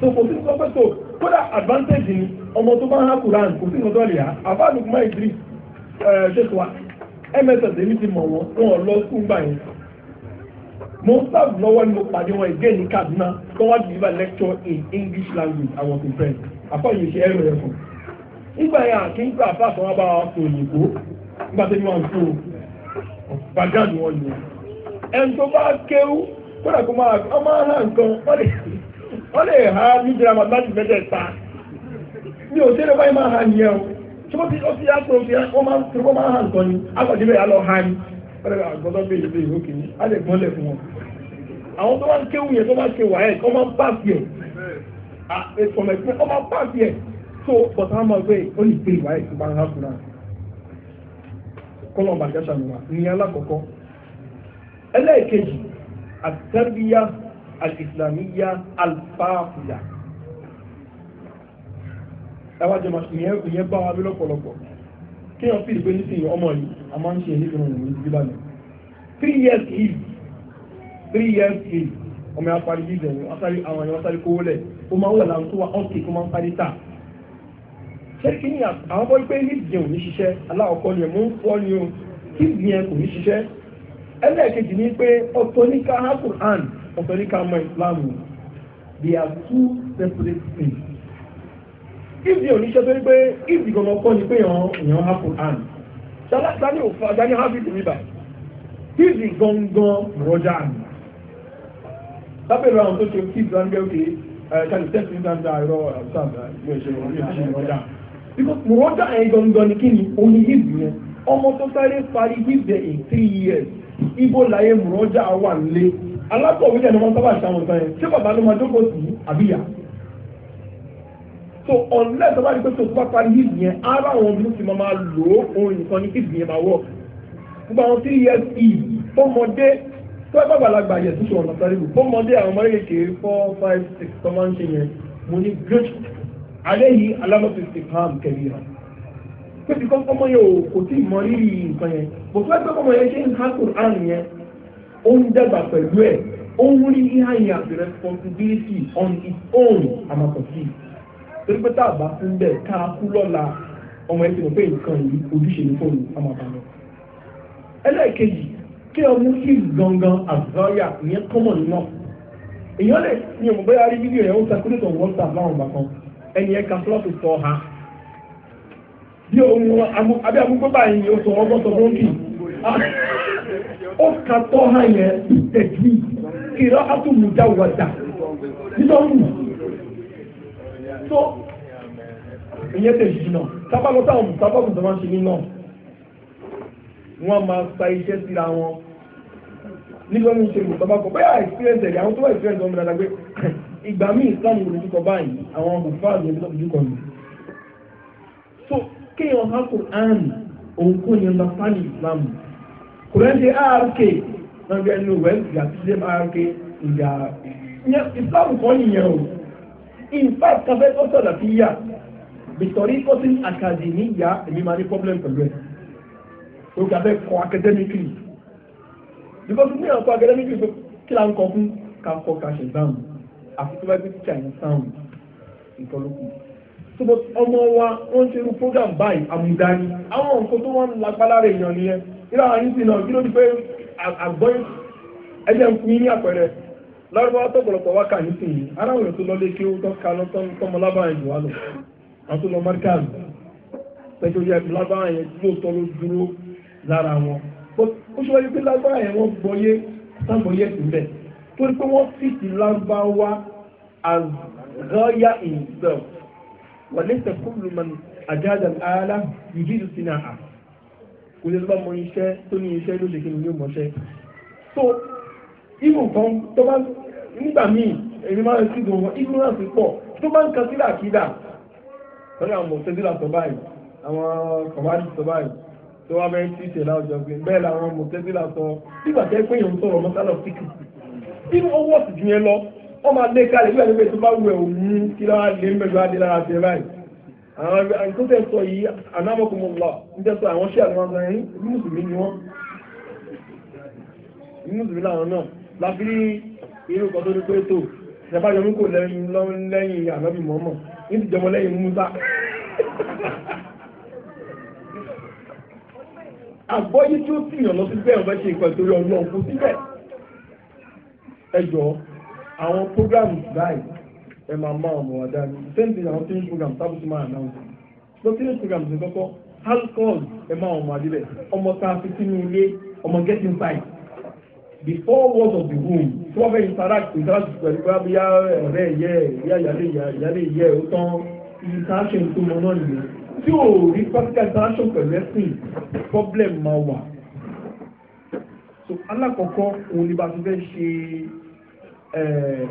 tó kò sí sọ pé tó kódà advantage ni ọmọ tó bá ń hákù rán kò sí ìkọ́tọ́ rẹ̀ yá àbáàdùn kùmá ìdírí ṣètò wa mss èmi ti mọ̀ wọ́n wọn lọ sùn gbà yẹn mo ń sáàbù lọ́wọ́ ni mo pàdé wọn ìgé ní Kaduna tó wá deliver lecture in English language àwọn kò fẹ́ àfọ̀yìn ṣe ẹ̀rọ ẹ̀fọ́ nígbà yẹn àti nígbà àfàṣọ wọn bá wa fún òyìnbó nígbà tó ní wọn fún o bàgádù wọn ni ẹni tó bá kéwú kódà kó máa ọmọ hàn nǹkan wọ́n lè ha ní girama láti mẹ́tẹ̀ ta mi ò tẹ́lẹ̀ báyìí máa hàn yẹn o tí wọ́n ti ọtí yá pé wọ́n máa tí wọ́n máa hàn nǹkan ni àgbàdì bẹ́ẹ̀ á lọ hàn ní wọ́n lè gbọ́dọ̀ bẹ́ẹ̀ ìlú ìlú kìíní á lè gbọ́n lẹ̀ fún wọn. àwọn tó bá ń kéwú yẹn tó bá ké wà ẹ̀ kọ́ máa ń pàṣẹ ẹ̀ ẹ̀ sọ̀rọ̀ ẹ̀ pé ọ máa pàṣẹ ẹ̀ tó bọ̀tà máa gbé ó lè gbé ìwà ẹ̀ tó bá ń hàn fún náà kọ́lọ̀ bàjẹ́ sàmùwà ìyẹn alákọ̀ọ́kọ́ ẹlẹ́ẹ̀kejì àtẹ́bíyá alìsìlámíyá alfáàfìyà ẹwà jẹ́ ìyẹn bá wa bí lọ́pọ̀lọpọ̀ kí wọ́n fìdí pé nísìnyí ọmọ yìí a máa ń ṣe nígbà wọn ní ìdílé báyìí three years eve three years eve ọmọ yà parí bíbẹ̀ wọn sáré àwọn èèyàn sáré kówó lẹ̀ ó máa ń wà láǹtó wa ọ̀kì kó máa ń parí tà ṣé kí ni àwọn ọmọ ìpè hídìyẹn ò ní ṣiṣẹ́ aláwọ̀kọ́ ni ẹ̀mú ń fọ́ ni o hídìyẹn kò ní ṣiṣẹ́ ẹlẹ́ẹ̀kejì ni pé ọ̀tọ̀ ní ká ha Quran ọ̀tọ̀ ní ká mọ Islam they are two separate things hídìyẹn ò ní ṣiṣẹ́ torí pé hídìyẹn kan ọkọ ni pé èèyàn ha Quran ṣáláṣá ni òfin ajá ní hábìtì mi báyìí hídìyẹn gangan rọjà àná lábẹ́rẹ́ àwọn tó ṣe kí ìdánilẹ́wọ̀n kì í ẹ̀ ká lè ní dáadáa ìrọ̀ àbúrò àbúrò ìṣèlú ọjà mọ̀rọ́dà ẹ̀ gangan ni kí ni ó ní hib yẹn ọmọ tó sáré parí hib in three years ibo láyé mọ̀rọ́dà wà nílé alákọ̀wé yẹn ni wọ́n sábà ṣàwọn nǹkan yẹn ṣé bàbá ló máa jókòó sí àbíyá so unless ọba ní pé tó bá parí hib yẹn ara àwọn ọmọ tí máa lò ó ohun nìkan ní hib yẹn máa wọ̀ gbogbo àwọn three years hib fọmọdé tó ẹ bá gbàlagbà yẹ tó ṣe ọ̀nà sáré fọmọdé àwọn four five six tó máa ń ṣe yẹn aléyìí alámọ̀tò istifham kabira pé ti kọ́ ọmọ o kò tí ì mọ rírì nǹkan yẹn bó tó ẹgbẹ́ ọmọ yẹn ṣe ń ha Qur'an yẹn ó ń dàgbà pẹ̀lú ẹ̀ ó ń rí ìhà yẹn àti responsibility on its own àmàkọ̀sí torí pé tá a bá fún bẹ́ẹ̀ ká a kú lọ́la ọmọ yẹn ti mọ̀ pé nǹkan yìí ojúṣe ní fóònù àmàbàlọ́ ẹlẹ́ẹ̀kejì kí ọmú sí gangan àzọ́yà ìyẹn kọ́mọ̀ nínú èèyàn lè ní ọmọ bẹ́ẹ̀ rí fídíò yẹn ó ń sakúrẹ́tọ̀ wọ́n ẹni ẹ kan plọ́ọ̀tù tọ́ ha bí ohun abẹ́ amúgbó báyìí yóò sọ ọgbọ́n sọ fún kì ó ka tọ́ ha yẹn tẹ̀jú kìlọ́ àtúmùjá wàjà nítorí tó ìyẹn tẹ̀ jù náà sábàlọ́tà ọ̀hún sábàlọ́tà máa ń ṣe nínú wọn máa sa iṣẹ́ síra wọn nígbà wọn ṣe lùtọ́ bá kọ bẹ́ẹ̀ àìsírẹ́ǹsì ẹ̀yà àwọn tó wà ìsírẹ́ǹsì ọmọ dáadáa gbé ìgbà míì islam ò lójúkọ báyìí àwọn àbùfáà ló lójúkọ mi. so kéèyàn ha quran òun kò ní understand islam quran dey rk náà bí ẹni wẹ́ẹ́ ìgbà tí ṣe rk ìgbà islam kọ́ nìyẹn o in fact kafẹ́ tó sọ̀rọ̀ fi yà bìtọ̀rí kọ́sìn akademi yà èmi máa ní problem pẹ̀lú ẹ̀ o kafẹ́ kọ́ academically because mi ò kọ́ academically kí la ń kọ fún kakọ́ kàṣẹ̀ báwọn àfi tó bá gbé tíṣà yẹn sáwùn ìtọ́lókù ṣùgbọ́n ọmọ wa wọ́n ń ṣerú program báyìí àmúdání àwọn nǹkan tó wọ́n ń lágbára rẹ̀ èèyàn nìyẹn irú àwọn yìí sì náà kí ló di pé àgbọ́n ẹgbẹ́ ń fún yín ní àpẹẹrẹ lárúbáwá tó pọ̀lọpọ̀ wá kà nísìnyí aráwòrán tó lọlé tó lọ mọ́ríkàlù pẹ̀lú ó ṣe wáyé pé lábàá yẹn wọ́n torí pé wọ́n fìtì lárúbáwá as gaya himself wà lẹ́sẹ̀ kúrò mọ́ àjáde ààlà yìí sí náà kò lè lọ́mọ iṣẹ́ tó ní iṣẹ́ ló ṣe kí ni yóò mọṣẹ́ so irú nǹkan tó bá nígbà míì èmi máa ń sí gbogbo wọn irú náà sì pọ̀ tó bá ń kan sílẹ̀ àkídà lórí àwọn mọ̀tẹ́sílà tó báyìí àwọn kọ̀wádìí tó báyìí tó wá bẹ́ẹ̀ tí ìṣẹ̀lá ọjọ́ gbé bẹ́ẹ̀ làwọn mọ̀tẹ́sílà sọ nígbà tẹ́ pé èèyàn sọ̀rọ̀ mọ́tálọ̀ fíkìsì nínú owó ọ̀sìn ju yẹn lọ wọ́n máa lé kalẹ̀ bí ẹni pé tó bá wẹ̀ òun kí lọ́wọ́ lé mẹ́jọ adé lára tẹ̀ báyìí àwọn tó tẹ̀ sọ yìí anámọ́kùnmọ́lá ń tẹ̀ sọ àwọn ṣé àwọn ọmọ yẹn mùsùlùmí ni wọ́n mùsùlùmí làwọn náà láfi rí irú kan tó ní pé tó ìjọba yọmí kò lẹ́yìn ànábì mọ́mọ́ ní ti jọmọ lẹ́yìn Musa àgbọ́yé tí ó sì yàn lọ sí bẹ́ẹ̀ ọ̀fẹ́ ṣe ìpẹ̀tòrí ọlọ́run kò síbẹ̀ ẹ jọ àwọn programs báyìí ẹ máa má ọmọ wa dání same thing àwọn training program. tábù tó máa announce so training programs ní kọ́kọ́ alcohol ẹ má ọmọ adébẹ̀ ọmọ tá a fi sínú ilé ọmọ get inside Before four of the room tí wọ́n fẹ́ interact interact pẹ̀lú bá bí eh, ọ̀rẹ́ yẹ ìyá ìyálé yẹ ó tán interaction tó mọ náà nìyẹn tí ò rí practical interaction pẹ̀lú ẹ̀sìn problem máa wà so alákọ̀ọ́kọ́ òun ni bá ti fẹ́ ṣe. Eh,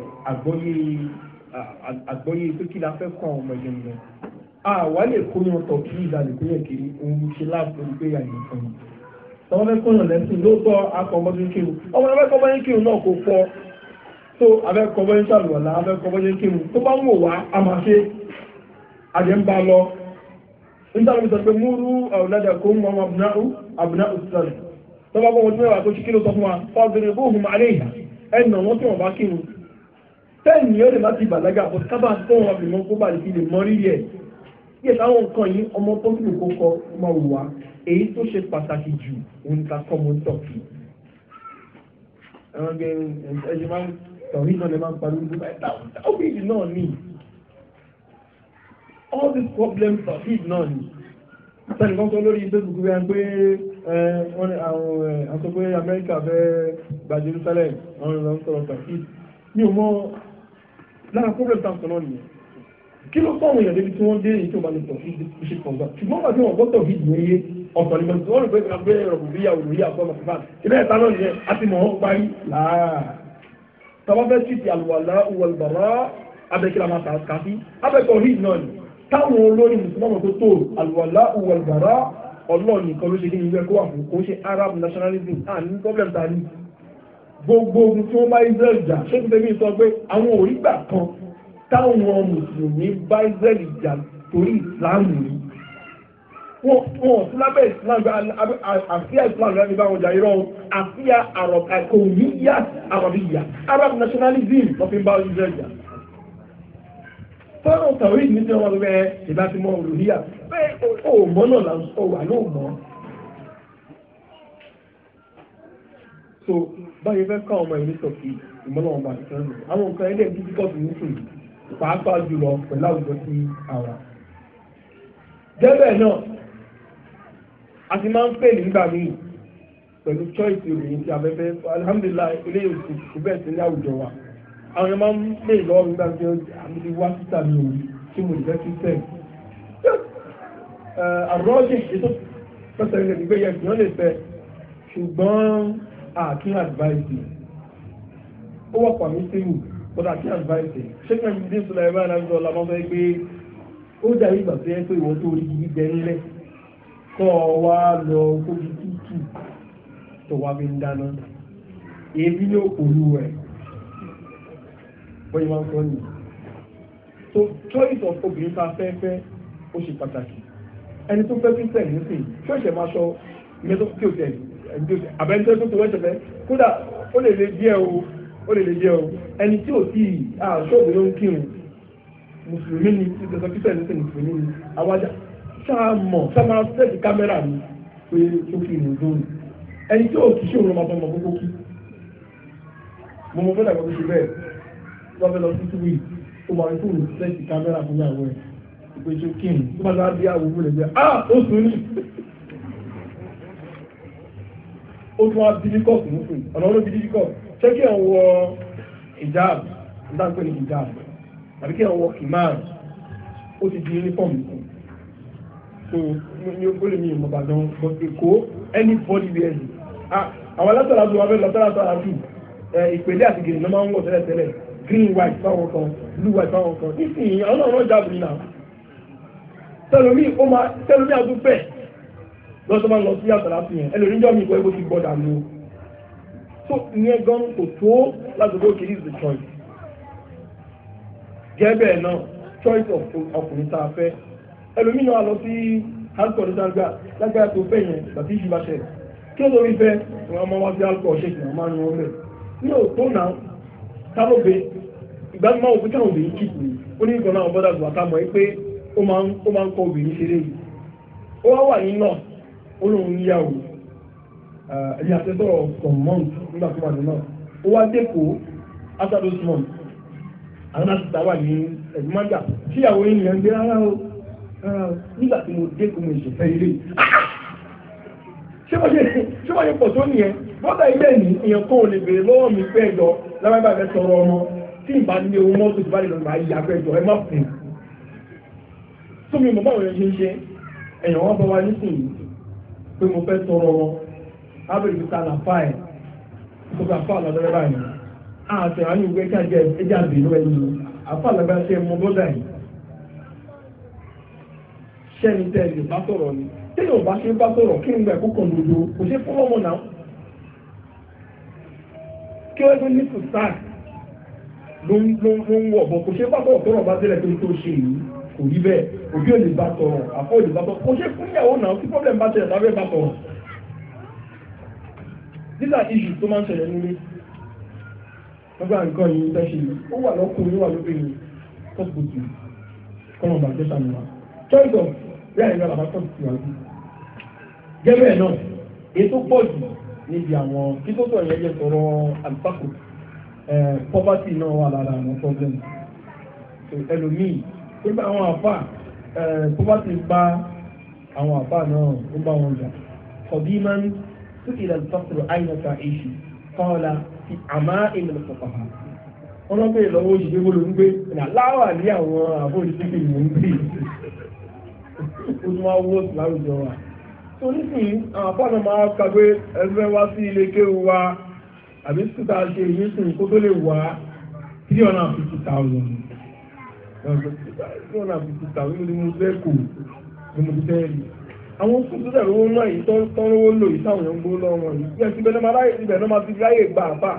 àgbọ́yé pé kí la fẹ́ kọ́ ọmọ ẹ̀jẹ̀ nìyẹn àwa lè kóyan tọ̀ kí ìlà lè kóyan kiri òun ṣe láàbò pé àyè kan yìí tọ́wọ́ fẹ́ kóyan lẹ́sìn lóòótọ́ akọ ọmọdé kírun ọmọ ẹgbẹ́ kọ́ bọ́yé kírun náà kò pọ̀ tó abẹ́kọ́ bọ́yé ṣàlùwàlá abẹ́kọ́ bọ́yé kírun tó bá ń wò wá a máa ṣe àjẹ́ ń bá lọ nígbà tó sọ pé múrú àwùládà kó ń mọ àbùnà òṣìṣẹ́ tọ́wọ́ bọ́ ẹnà wọn tí wọn bá kírun tẹ́ẹ̀nì yóò lè má ti bàlágà tó wọn fi kó bá lè fi rírì ẹ̀ kí táwọn nǹkan yìí ọmọ tó kìlò kó kọ máa wù èyí tó ṣe pàtàkì jù òun ká kọ́ mo tọ̀ kí. ẹ̀rọ gẹ̀ ẹ̀jẹ̀ máa ń tọ̀rí náà lè máa ń parí gbogbo ẹ̀ táwọn náà ní all these problems tọ̀rí náà ní. sẹ́ni kan sọ lórí Facebook rẹ̀ pé wọ́n ní àwọn àtọ́gbé amẹ́ríkà fẹ́ gba jerusalem àwọn ìlànà sọ̀rọ̀ tàkìd mi ò mọ̀ lára problem tá a sọ náà nìyẹn kí ló fọ́ àwọn èèyàn débi tí wọ́n dé èyí tó bá lè tọ̀ sí ṣe kàn gbà ṣùgbọ́n wà tí wọ́n gbọ́tọ̀ fi yìí yé ọ̀tọ̀ nígbà tí wọ́n rò pé abẹ́ ọ̀rọ̀ bí yàwó lórí àgbọ̀ màfífà ìbẹ́ ìta náà nìyẹn a ti mọ̀ ọ́ parí làá tàbá fẹ́ tí ti àlùwàlá òwàlùbàrá abẹ́kíra máa kàá sí abẹ́kọ̀ọ́ hìd náà ni táwọn olórí mùsùlùmọ́ tó tó àlùwàlá òwàlùbàrá ọlọ́run nìkan ló ṣe ní ìwé ẹ̀kọ́ àbò kò ṣe arab nationalism and ní problem ta ni gbogbo ogun tí wọ́n bá israel jà ṣégun tẹ́bí sọ pé àwọn òrígbà kan táwọn mùsùlùmí bá israel jà torí islam ni wọn ò sí lábẹ́ islam àfíà islam lọ́wọ́ ní báwọn jà irọ́ àfíà àkòyíyá àrọ̀bíyà arab nationalism lọ́ fi ń bá israel jà fọ́nà tàwí ní tí wọ́n lọ́wọ́ ẹ̀ ìbá ó mọ́ náà là ń sọ wà ló mọ́. so báyìí fẹ́ ká ọmọ ìlú sọ̀kì ìmọ̀lọ́wọ́n bá ìtàn nù àwọn nǹkan ẹlẹ́yìn tí tó ń sùn pàápàá jùlọ pẹ̀lú àwùjọ sí náà a ti máa ń pè nígbà míì pẹ̀lú choice obìnrin ti abẹ́fẹ́ alhamdulillah eléyìí òsì kò bẹ́ẹ̀ sí ní àwùjọ wa àwọn yẹn máa ń pè lọ́wọ́ nígbà tí àrọ́jì eh, ètò pẹ̀sẹ̀ rẹ̀ nígbẹ́ yẹn kì í wọ́n lè fẹ́ ṣùgbọ́n àkí àdìváìsì ó wọ́pọ̀ ní sẹ́yìn bọ́dà àkí àdìváìsì ṣé kí wọ́n ti sọ̀rọ̀ ẹ̀rọ alájọ ọ̀làmọ́ fẹ́ pé ó dàbí ìgbà tó yẹ pé ìwọ́n tó rí gbígbẹ nílẹ̀ kọ́ ọ wá lọ kóbi ní so choice of obìnrin tá a fẹ́ fẹ́ ó ṣe pàtàkì ẹni tó fẹ́ christian ní sìn ṣọ́ọ̀ṣẹ̀ máa sọ ìyẹn tó kí o tẹ̀ ẹni tó àbẹ́ni tó tó wẹ́sẹ̀ fẹ́ kódà ó lè lè díẹ̀ o ó lè lè díẹ̀ o ẹni tí ò tí ì ṣọ́ọ̀bù ló ń kírun mùsùlùmí ni ìtẹ̀sọ́ christian ní sìn mùsùlùmí ni àwájà sáà mọ̀ sáà máa tẹ̀sí kámẹ́rà mi pé tó kí ni lónìí ẹni tí ò kí ṣòro máa bọ́ ọmọ gbogbo kí mo mọ fẹ́ dàgbà péjú kí n tó bá lọ bí àwòrán rẹ̀ jẹ́ ah ó sùn ní. ó tún wá bíbí kọ́ fún fún ọ̀nà olóbi bíbí kọ́ ṣé kí ẹ̀ wọ ìjáàb ìdáǹpẹ́ ní ìjáàb tàbí kí ẹ̀ wọ kìmáà ó ti di uniform nìkan so ní ó lè ní ìmọ̀ Ìbàdàn but Èkó anybody wear it ah, àwọn alátàlá tó wà bẹ́ẹ̀ lọ́tàlá tó àdù ìpèlè àti gèrè ló máa ń wọ̀ tẹ́lẹ̀tẹ́lẹ̀ green white fáwọn kan blue white fáwọn kan nísìnyí àwọn náà wọ́n jáàbù nínú àwọn tẹlomi ó máa tẹlomi àdúfẹ́ lọ́sọ̀ máa lọ sí àtàlà fi hàn ẹlòmí jọ́ mi ìwọ ẹgbẹ́ ti gbọ́dà ni o tó ìyẹn gan kò tó láti gbó kiri the choice gẹ́gẹ́ náà choice of ọkùnrin tá a fẹ́ ẹlòmí náà lọ sí alcohol nígbà lágbára tó fẹ́ yẹn tàbí ìṣúbà ṣẹlẹ̀ kí ó lórí fẹ́ wọn máa wá sí alcohol ṣe kì í máa ń yan ọlẹ̀ ní òótọ́ náà tábòbí ìgbàgbọ́ òfin káwọn obìnrin kìkì ó ní ìgbọ̀n náà bọ́dà gbà tá a mọ̀ pé ó máa ń ó máa ń kọ obìnrin ṣeré yìí ó wá wà nínà ó lóun níyàwó ẹ̀yìn àtẹ́sọ̀rọ̀ some months nígbà tó wà nínà ó wá dẹ́kọ̀ after those months àwọn àtìsá wà ní ẹ̀gbọ́n májà tíyàwó yìí nìyẹn ń gbé rárá o nígbà tí mo dẹ́kọ̀ mo ìṣẹ̀fẹ́ ilé ṣé wọ́n ṣe pọ̀ tó nìyẹn bọ́dà ilé ní èèyàn kan o lè béèrè lọ́wọ́ mi pé ẹ̀jọ̀ lábẹ́bàbẹ́ sọ̀rọ̀ ọmọ tí ìbá ní owó mọ́tò ìbá lè lọ́ọ́ máa yà pé ẹ̀jọ̀ ẹ má fún un tó mi mọ̀ báwo yẹn ṣe ń ṣe ẹ̀yàn wọn bá wa nísìnyí pé mo fẹ́ tọrọ wọn ábẹ̀rẹ̀ ta kàlà fáì tó kà fáà lọ́dọ̀ báyìí àti àwọn ìwé kájẹ ẹjẹ ẹni àfáà ṣe yìí ṣẹ́ni tẹ́lẹ̀ bá ni tẹ́lẹ̀ ò bá ṣe bá kí n gbà kò ní ló ń wọ̀ bọ̀ kò ṣe bá bá tó ń tó ṣe kò rí bẹ́ẹ̀ òbí ò lè bá tọrọ àfọ ò lè bá tọrọ kò ṣe fún ìyàwó náà kí problem bá tẹ̀lé lábẹ́ bá tọrọ. nígbà iṣu tó máa ń ṣẹlẹ̀ nílé lọ́gbà nǹkan yìí fẹ́ ṣe ó wà lọ́kùnrin wà lóbìnrin tọ́sibútù kọ́nà bàjẹ́ sàmìlà choice of where I go about tọ́sibútù wà bí. gẹ́gẹ́ náà ètò pọ̀ jù níbi àwọn kí tó sọ̀rọ̀ yẹn jẹ́ sọ̀rọ̀ àlùfáàkù poverty náà wà lára àwọn problem ẹlòmíì nígbà àwọn àfà tó bá ti bá àwọn àfà náà ó bá wọn jà kọ̀bí máa ń sókè ìlànà tọ́kùrù àyìnàta èṣù kọ́ọ̀lá ti àmà ìlànà pàpàpà wọ́n lọ́ bẹ̀rẹ̀ lọ́wọ́ òṣìṣẹ́ gbọ́dọ̀ ń gbé láwà ní àwọn àbó òṣìṣẹ́ ìwò ń gbé ó tún wá wó láwùjọ wa tó nísìnyí àwọn àfà náà máa ka ẹgbẹ́ wá sí ilé kéwu wa àbí sùkúta ṣe ìyẹn kó tó lè wá three hundred and fifty thousand àwọn fún tó dẹ̀rọ owó náà yìí tọ́rọwó lò yìí táwọn èèyàn gbówó lọ́wọ́ yìí bí ẹ̀sìn bẹ́ẹ̀ máa ibẹ̀ náà máa fi ráyè gbà àbá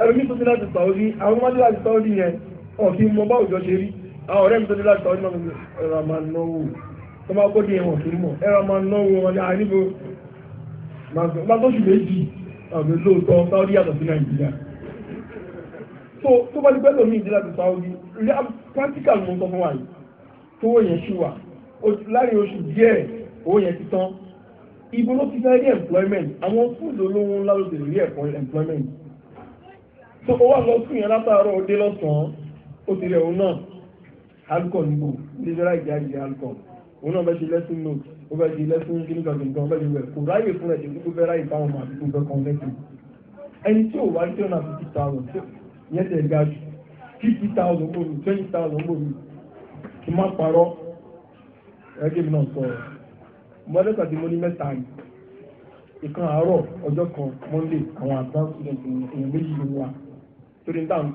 ẹlòmí tó ti láti Saudi àwọn ọmọdé láti Saudi yẹn ọ̀kí mọ bá òjò ṣe rí àwọn ọ̀rẹ́ mi tó ti láti Saudi náà ẹ̀rọ máa náwó tó máa kó di ẹ̀wọ̀n kì í mọ̀ ẹ̀rọ máa náwó wọn ni àníbo practical mo sọ fún wa yìí tówó yẹn ṣì wà láàrin oṣù díẹ̀ owó yẹn ti tán ibo ló ti fẹ́ rí employment àwọn fúdù olówó ńlá ló ti rí employment so ó wà lọ sùn yẹn látàárọ̀ ó dé lọ́sàn-án ó ti rẹ̀ òun náà alcohol níbo nígbà ìjà ìjà alcohol òun náà bẹ́ẹ̀ ṣe lesson note ó bẹ́ẹ̀ ṣe lesson kíníkà kíníkà ó bẹ́ẹ̀ ṣe wẹ̀ kò ráyè fún ẹ̀ tó fẹ́ ráyè fáwọn àti tó fẹ́ kọ́ńtẹ́kì ẹni tí ò wá tí ó náà fi ti ta ọ̀rọ̀ yẹn tẹ̀ ga jù fifty thousand gbòmí twenty thousand gbòmí kí má parọ́ ẹgbẹ́ mi náà sọ̀rọ̀ mọ́lẹ́kà tí mo ní mẹ́ta ni ìkan àárọ̀ ọjọ́ kan monday àwọn advanced students èèyàn méjì ló wà torí níta nǹkan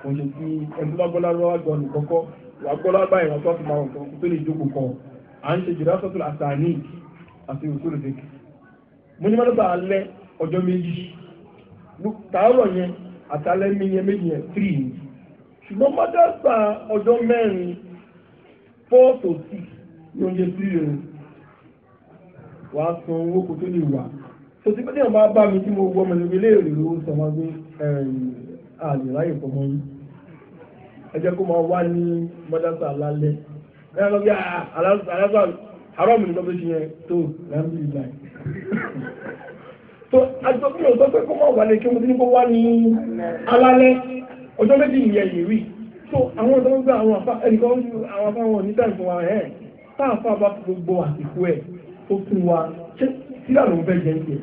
kò ṣe sí ẹni tó bá gbọ́lá lọ́wọ́ àgbọ̀ nìkọ́kọ́ wà gbọ́lá báyìí wọ́n tó fi máa nǹkan tó lè jókòó kan à ń ṣe jìrá sọ́tò àtàní àti òṣèlú mo ní mọ́lẹ́kà alẹ́ ọjọ́ méjì tààrọ̀ yẹn àtàlẹ́ mi yẹn méjì yẹn three ṣùgbọ́n mọ́dọ́sà ọjọ́ mẹ́rin four to six ní oúnjẹ sí ìrìn wà á san owó kò tó lè wà tó ti pẹ́ẹ́dẹ̀ máa bá mi tí mo gbọ́ mẹ́lẹ̀ ilé èrè ló sọ wọn pé àlè ráyè fọmọ yìí ẹ jẹ́ kó máa wá ní mọ́dọ́sà lálẹ́ ẹ lọ bí aláṣà àrọ́ mi nìkan tó ṣe yẹn tó láńbí ìgbà yìí tó àjọ bí òótọ́ pé kó máa wà ní kí mo ti ní kó wá ní alálẹ́ ọjọ́ méjì ìyẹ̀ yìí rí so àwọn tó ń gbé àwọn àfa ẹnìkan ń àwọn afá wọn ní táìpù wa ẹ̀ tá àfa bá gbogbo àsìkò ẹ̀ tó fún wa ṣé sílá ló ń fẹ́ jẹ́ ìjẹ́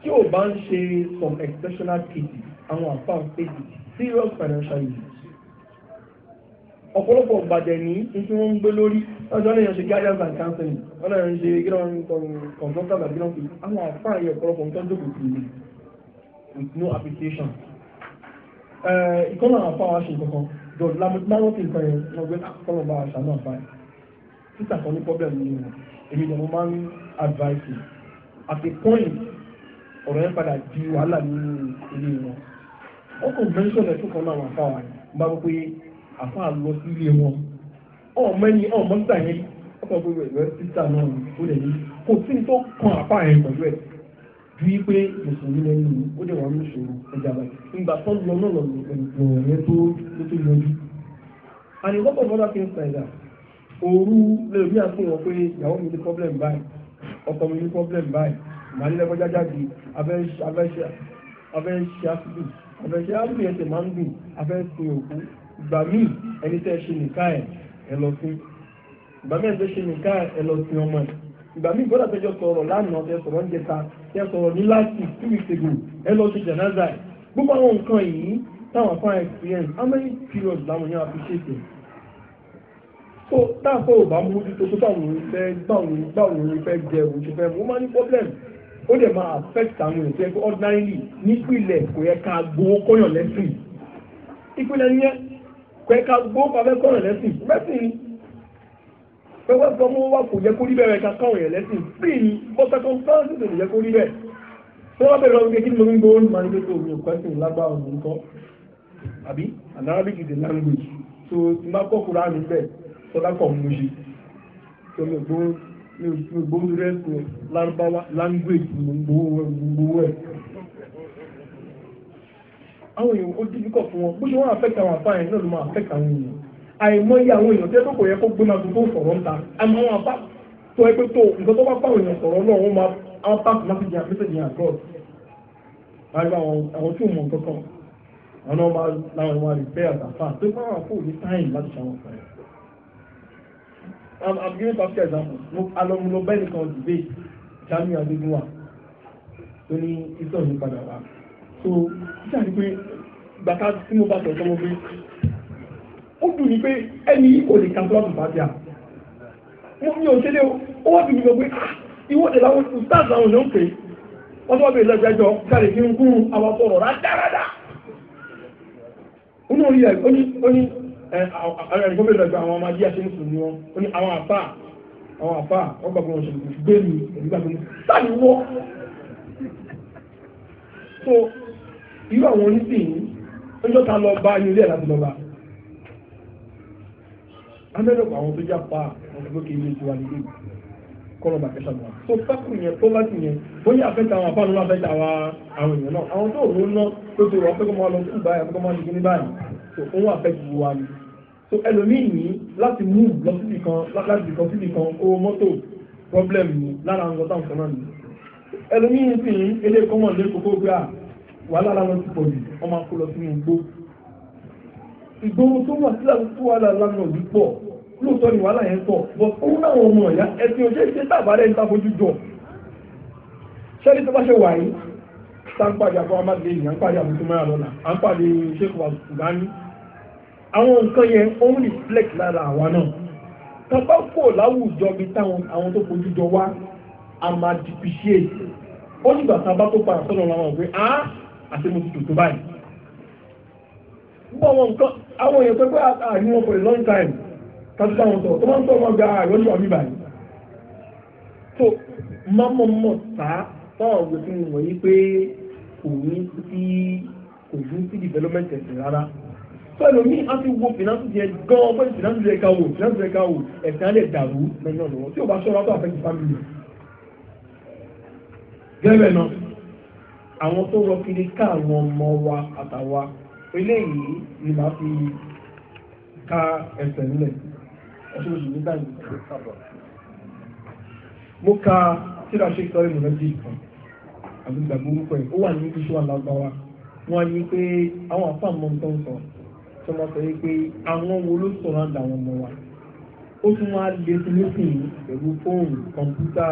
tí ò bá ń ṣe some exceptional cases àwọn àfa ń pè sí serious financial issues ọ̀pọ̀lọpọ̀ gbàjẹ̀ ní tí wọ́n ń gbé lórí ọjọ́ náà yàn ṣe guidance and counseling ọ̀nà yàn ṣe gíran consultant àti gíran fi àwọn àfáà yẹ ọ̀pọ̀lọpọ̀ ń tọ́jú kò sí with no application. ìkọ́nà àfa wa ṣe kankan jọ lámọ́ kí n kan yẹn wọ́n gbé kọ́nà bá aṣà náà fa ẹ̀ títà kan ní problem ní ìwọ̀n èmi ni mo máa ń advise you at a point ọ̀rọ̀ yẹn padà di wàhálà ní ilé wọn ó kò mẹ́ńsọ̀n ẹ̀ tó kan náà wà fáwọn àyè bá wọ́n pé àfa lọ sí ilé wọn ọmọ ẹni ọmọ nígbà yẹn ọkọ̀ gbogbo ẹ̀rọ títà náà ó lè ní kò sí ní tó kan àfa yẹn pẹ̀lú ẹ̀ ju wípé mùsùlùmí lẹ́nu ó dẹ̀ wà lóṣòro ẹja báyìí ìgbà tó lọ náà lọ lọ́rọ̀ yẹn tó ló tó yọjú. and a lot of other things òru lèrò àti wọn pé ìyàwó mi ní problem báyìí ọkọ mi ní problem báyìí màálí lẹ́kọ́ jájáde abẹ́ṣẹ́ abẹ́ṣẹ́ àfíbì abẹ́ṣẹ́ àfíbì ẹ̀ṣẹ̀ máa ń dùn abẹ́ṣẹ́ òkú ìgbà míì ẹni tẹ́ ṣe nìka ẹ̀ ẹ lọ sí ìgbà míì ẹni tẹ́ ṣe nìka ẹ lọ sí ọmọ ẹ̀ ìgbà míì gbọ́dọ̀ tẹ́jọ́ sọ̀rọ̀ lánàá tẹ́ sọ̀rọ̀ ń jẹta tẹ́ sọ̀rọ̀ ní láti two weeks ago ẹ lọ sí jẹ̀nàza ẹ̀ gbogbo àwọn nǹkan yìí táwọn afá experience how many periods làwọn yẹn appreciate it so táàpọ̀ ò bá mú títí tó táwọn òun fẹ́ gbàwọn gbàwọn òun fẹ́ jẹ òun ti fẹ́ mú ó máa ní problem ó dẹ̀ máa affect àwọn èèyàn tó yẹ pé ordinarily nípìnlẹ̀ kò yẹ ká gbowó kọ́yàn lẹ́sìn ìpínlẹ̀ yẹn kò yẹ ká gbowó pàfẹ́ kọ́yàn lẹ́sìn lẹ́sìn ni pé wọ́n sọ mọ́ wá kò yẹ kó rí bẹ́ẹ̀ ká káwọn èèyàn lẹ́sìn bí ni bọ́ sẹ́kọ̀ fáńsì tó yẹ kó rí bẹ́ẹ̀ tí wọ́n bẹ̀rẹ̀ lọ́wọ́ kí ni mo ń gbowó ní màá mi ò pẹ́sìn lágbára òun nǹkan àbí an Arabic is a language so ti máa kọ́ kúrò àmì bẹ́ẹ̀ sọlá kọ̀ mú ṣe tó mi ò gbowó rẹ́sì lárúbáwá language mo ń gbowó ẹ̀ àwọn èèyàn ó dí fún wọn bó ṣe wọ́n affect àwọn àfáàyàn náà ló affect àwọn àìmọye àwọn èèyàn tẹ́lẹ̀ kò yẹ kó gbé máa gbogbo sọ̀rọ̀ ń ta àmọ́ àwọn apá tó ẹ tó nǹkan tó bá fáwọn èèyàn sọ̀rọ̀ náà wọ́n máa àwọn pàṣẹ mẹ́sàgì mẹ́sàgì àgọ́ àgbà àwọn tí ò mọ̀ nǹkan kan àwọn ọmọ làwọn ìwà rẹ̀ bẹ́ẹ̀ tó bá wà fún òní táyìn láti ṣàwọn fẹ́. I'm, I'm giving pastor example. Mo alọ́múlọ bẹ́ẹ̀ nìkan debate Jamiu Adégúnwà tó ní ìsọ̀ ní padà wá. So, ṣáà ní pé gbàtà tí mo bá tọ̀ sọ́mọ́ pé ó dùn mí pé ẹni yìí kò lè kan fúlọ́ọ̀tù fàájà mo mi ò ṣe lé o ó wá dùn mí gbogbo ah, ìwọ́de làwọn stars àwọn èèyàn ń pè wọ́n tó wá bèèrè lẹ́gbẹ̀ẹ́jọ káre kí n kú àwọn sọ̀rọ̀ rádáradá inú orí ẹ̀ ó ní ó ní ara ẹ̀kọ́ bèèrè lẹ́gbẹ̀ẹ́ àwọn ọmọ adíyà ṣe ń sùn ní wọn ó ní àwọn àfà àwọn àfà wọ́n gbàgbọ́ wọn ṣèlú gbé mi so irú àwọn onísìn ń jọ́ta lọ bá inú ilé ẹ̀ amẹ́lẹ́kọ̀ àwọn tó já pa àwọn tó kéde ìṣòwò àdìgbò kọ́lọ̀ bàtẹ́ sàgbà tó pákó yẹn tó bá ti yẹn bóyá afẹ́ta àwọn afáàlú máa fẹ́ta wa àwọn èèyàn náà àwọn tó òun ná tó ti rọ afẹ́kọ́ máa lọ sí ìbáyà afẹ́kọ́ máa nìkíní báyìí tó òun àfẹ́ ti wà ní. tó ẹlòmíì ní láti mú lọ síbi kan láti kan síbi kan owó mọ́tò problem ni lára àwọn ọ̀tá nǹkan náà ni. ẹlòmíì sì ń ilé kọ́mọ̀ lé kókó gbà wà lára wọn ti pọ̀ jù wọ́n máa kó lọ sínú igbó ìgbóhun tó wà sílẹ̀ tó wà lánàá òbí pọ̀ lóòótọ́ ni wàhálà yẹn pọ̀ bọ̀ fún àwọn ọmọ ọ̀yá ẹ̀sìn òṣè ṣe tàbárẹ̀ ń tàbójú jọ ṣẹ́ni tó bá ṣe wà yìí sáńpàdé àbọ̀ amádé yìí à ń pàdé àbùkù mẹ́ra lọ́la à ń pàdé ṣéèkù àbùkùgání àwọn nǹkan yẹn ó ń reflect lára àwa náà tọ́pá kò láwùjọ bíi táwọn àwọn tó fojú jọ wá a máa depreciate ó nígbà tá a bá tó padà sọ́dọ̀ làwọn ò pé á àti mo ti tòtò báyìí gbọ́ wọn nǹkan àwọn èèyàn pẹ́pẹ́ àárín wọn for a long time kátó àwọn sọ̀rọ̀ tó máa ń tọ́ wọn gba àrùn ọjọ́ mi báyìí tó mọ́mọ́ mọ̀ tá táwọn ọ̀gbẹ́ tí mo mọ̀ yí pé kò ní sí kò ní sí development ẹ̀sìn rárá pẹ̀lú mi a ti wo finance yẹn gan pẹ̀lú finance yẹn ká wò finance yẹn ká wò ẹ̀sìn á lè dàrú lẹ́yìn ọ̀nà wọn tí o bá ṣọ́ra tó àfẹ́ ti family rẹ̀. gẹ́gẹ́ náà àwọn tó rọ kiri ká àwọn ọmọ wa àtàwa eléyìí ni màá fi ká ẹsẹ̀ nílẹ̀ ẹṣin oṣù nígbà yìí mo ka síra ṣe sọ ìmọ̀lẹ́ jì kan àti ìgbàgbọ́ orúkọ ẹ̀ ó wà ní ibi iṣẹ́ alágbára wọn yí pé àwọn àfáà mọ́ tó ń sọ tí wọ́n sọ pé àwọn wo ló sọ̀rọ̀ àdá àwọn ọmọ wa ó tún wá lé sí nísìnyí pẹ̀lú fóònù kọ̀ǹpútà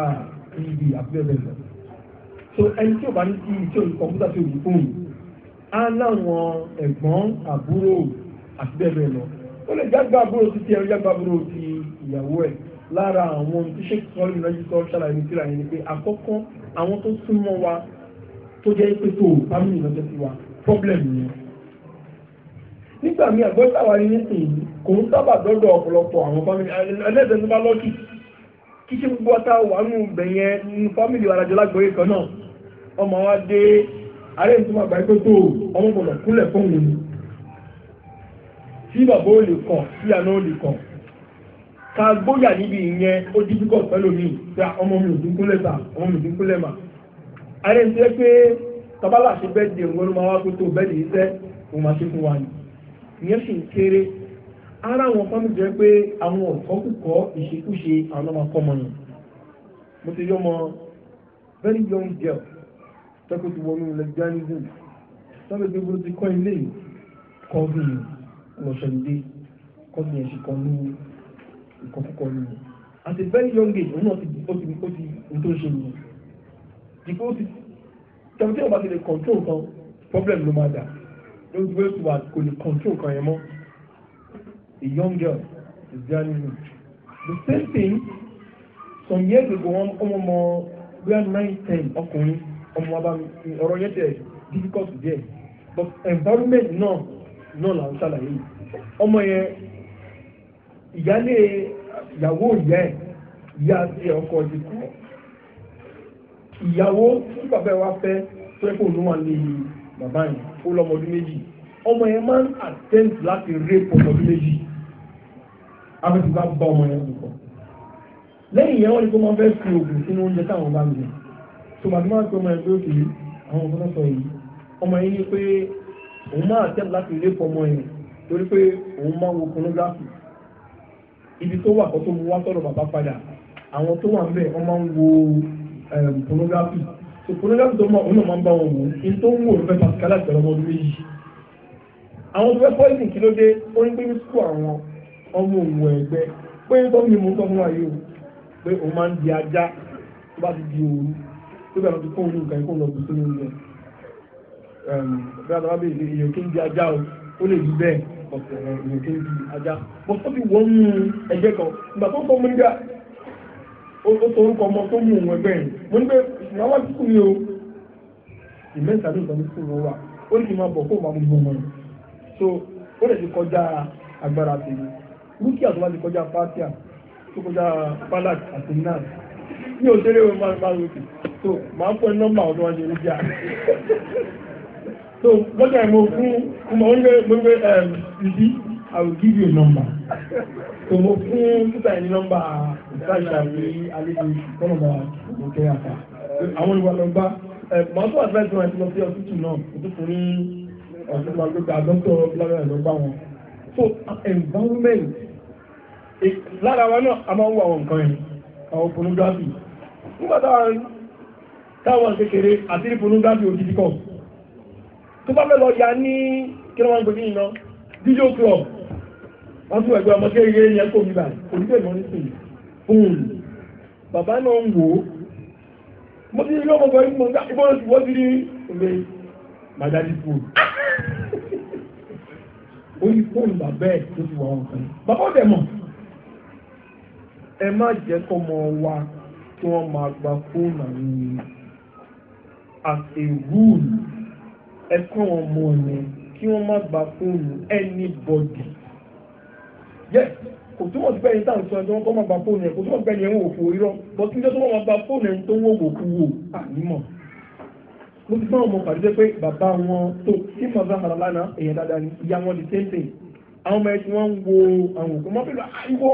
tv àbúrẹ́bẹ̀ lọ so ẹni tí ò bá ní tv tí ò ní kọ̀ǹpútà tí ò fóònù á láwọn ẹ̀gbọ́n àbúrò àti bẹ́ẹ̀ bẹ́ẹ̀ lọ ó lè jágbá àbúrò títí ẹ̀rọ jágbá àbúrò ti ìyàwó ẹ̀ lára àwọn ohun tí ṣe sọ́ọ́ nínú ẹjú sọ́ọ́ ṣàlàyé ní tíra yẹn ni pé àkọ́kọ́ àwọn tó súnmọ́ wa tó jẹ́ pé tó family lọ́jọ́ sí wa problem yẹn nígbà míì àgbẹ̀ sàwárí nísìnyí kò ń sábà dọ́dọ̀ ọ̀pọ̀lọpọ̀ àwọn family ẹlẹ́dẹ̀ẹ́ tó bá lọ́kì kí ṣe gbogbo ọ̀tá wà nù bẹ̀yẹn family wa lájọ lágbóyè kan náà ọmọ wa dé àárẹ̀ tó máa gbà pé tó ọmọ gbọ́dọ̀ kúnlẹ̀ fóun ni tí bàbá ò lè kàn tí àná ò lè kàn ká gbóyà níbi ìyẹn ó dídúkọ̀ pẹ̀lú mi pé ah, ọmọ mi ò dín kúnlẹ̀ ta ọmọ mi ò dín kúnlẹ̀ mà àárẹ̀ tó yẹ pé tabala ṣe bẹ́ẹ̀ di òun máa wá tó bẹ́ẹ̀ lè ṣẹ́ òun máa ṣe fún wa ni ìyẹn sì ń kéré ara àwọn fámi jẹ́ pé àwọn ọ̀kọ́kùkọ́ ìṣekúṣe àwọn ọmọ akọ́mọ yẹn mo ti yọ ọmọ very young girl tọ́kù ti wọnú legalism tọ́kù ti gbogbo ti kọ́ ilé kọ́ọ̀dùn lọ́sọ̀dé kọ́ọ̀dùn ẹ̀sìn kan ní ìkọ́kọ́ ní àti very young age òun náà ti ó ti ó ti ní tó ṣe nìyẹn dìbò ó ti tẹ̀wọ́n tí ọba ti lè control kan problem ló máa dà ló ń gbé wa kò lè control kan yẹn mọ́ a young girl is journalism the same thing some years ago wọn ọmọ ọmọ bíi nine ten ọkùnrin ọmọ wa bá mi ọ̀rọ̀ yẹn tẹ̀ difficult díẹ̀ but environment náà náà là ń ṣàlàyé yìí ọmọ yẹn ìyálé ìyàwó ìyá ẹ̀ ìyá àti ọkọ ti kú ìyàwó tí bàbá ẹ wá fẹ́ tó ẹ̀kọ́ ló wà ní bàbá yẹn ó lọ́mọ ọdún méjì ọmọ yẹn máa ń attempt láti rape ọmọ ọdún méjì afẹ́tí bá ọmọ yẹn lò pọ̀ lẹ́yìn yẹn wọ́n ní kó máa fẹ́ fi oògùn sínú oúnjẹ táwọn bá ń lò tó màdí máa tó ọmọ ẹ̀ pé òkè àwọn ọmọ sọ yìí ọmọ yìí ni pé òun máa tẹ́ láti ilé fọmọ ẹ̀ torí pé òun máa wo pornography ibi tó wà kó tó mú wá sọ̀rọ̀ bàbá padà àwọn tó wà ń bẹ̀ wọ́n máa ń wo pornography so pornography tó mọ̀ òun náà máa ń bá wọn wò ní tó ń wò ló fẹ́ pàṣíkálà ìgbàlọ́ ọmọ ọdún méjì àwọn tó fẹ́ pọ́ìsì kí ló dé ó ń gbé ní sùkúù àwọn ọmọ òun ẹ̀gbẹ́ pé o pé òun máa ń di ajá nígbà tó ti fún òun nǹkan ìkóhùn lọ́gbọ̀n sínú ilẹ̀ bí a bá bèèrè èèyàn kí n di ajá o ó lè rí bẹ́ẹ̀ ọ̀sẹ̀ èèyàn kí n di ajá bọ́n tó ti wọ́n mú ẹgbẹ́ kan nígbà tó fọ́ mọ́nígbà ó tó orúkọ ọmọ tó mú òun ẹgbẹ́ yẹn mo ní pé ìṣúná wá síkú ni o ìmẹ́ta ló ń sọ ní sùn wọn wà ó ní kí n máa bọ̀ kó máa mú gbogbo wọn so ó lè ti kọjá agbára tèmi rúkìá tó bá ti kọjá fásíà tó kọjá balak àti náà ní òṣèré wọn máa máa lòdì tó máa ń pọ nọ́mbà ọdún wọn ṣe ní bíà so lọ́jọ́ ìmọ̀ fún ọmọ oúnjẹ gbogbo um, ìdí I will give you a number so mo fún títà ní nọ́mbà ìsáìsà ní àlejò kọ́nọ̀mọ́ òkè àfà àwọn ìwà lọ́gbà um, màá tó àdúrà tí wọn ti lọ sí ọtútù náà òtútù ní ọ̀sùn máa gbégbá dọ́kítọ̀ lábẹ́rẹ́ lọ́gbà wọn so environment eh, lára wa náà a máa ń wọ àwọn nǹkan yẹn àwọn pornography nígbàtàwọn táwọn kékeré àti ní pornography òjì kíkọ tó bá fẹ́ lọ ya ní kí wọ́n gbé ní iná video club wọ́n tún ẹgbẹ́ ọmọ kékeré yẹn kò nígbà oníbẹ̀ lọ nísìnyí fóònù bàbá náà ń wò ó mo ti rí ọmọ gbọ́n ìgbọ̀n ìgbọ̀n ìwọ́n ti rí ìwé màdájú fóònù orí fóònù bàbá ẹ̀ tó ti wà wọn kan bàbá ọ̀dẹ̀ ẹ má jẹ́ kọ́mọ wa kí wọ́n máa gba fóònù àwọn ènìyàn as a rule ẹ kọ́ wọn mọ ọ̀nà kí wọ́n má gba fóònù anybody yes kò túmọ̀ sí pẹ́yìn táwọn sọ ẹni tí wọ́n kọ́ máa gba fóònù ẹ̀ kò túmọ̀ sí pẹ́yìn ẹ̀wọ̀n òfò irọ́ bọ́ kí n jẹ́ tó wọ́n máa gba fóònù ẹni tó wọ́ òkú wò ànímọ̀ mo ti fún ọmọ pàdé pé bàbá wọn tó tí mo bá hàrà lánàá èèyàn dáadáa ni ìyá wọn di tẹ́ńtẹ́ àwọn ọmọ ẹ̀ tí wọ́n ń wo àwọn òkú mọ́ pẹ̀lú àìwọ́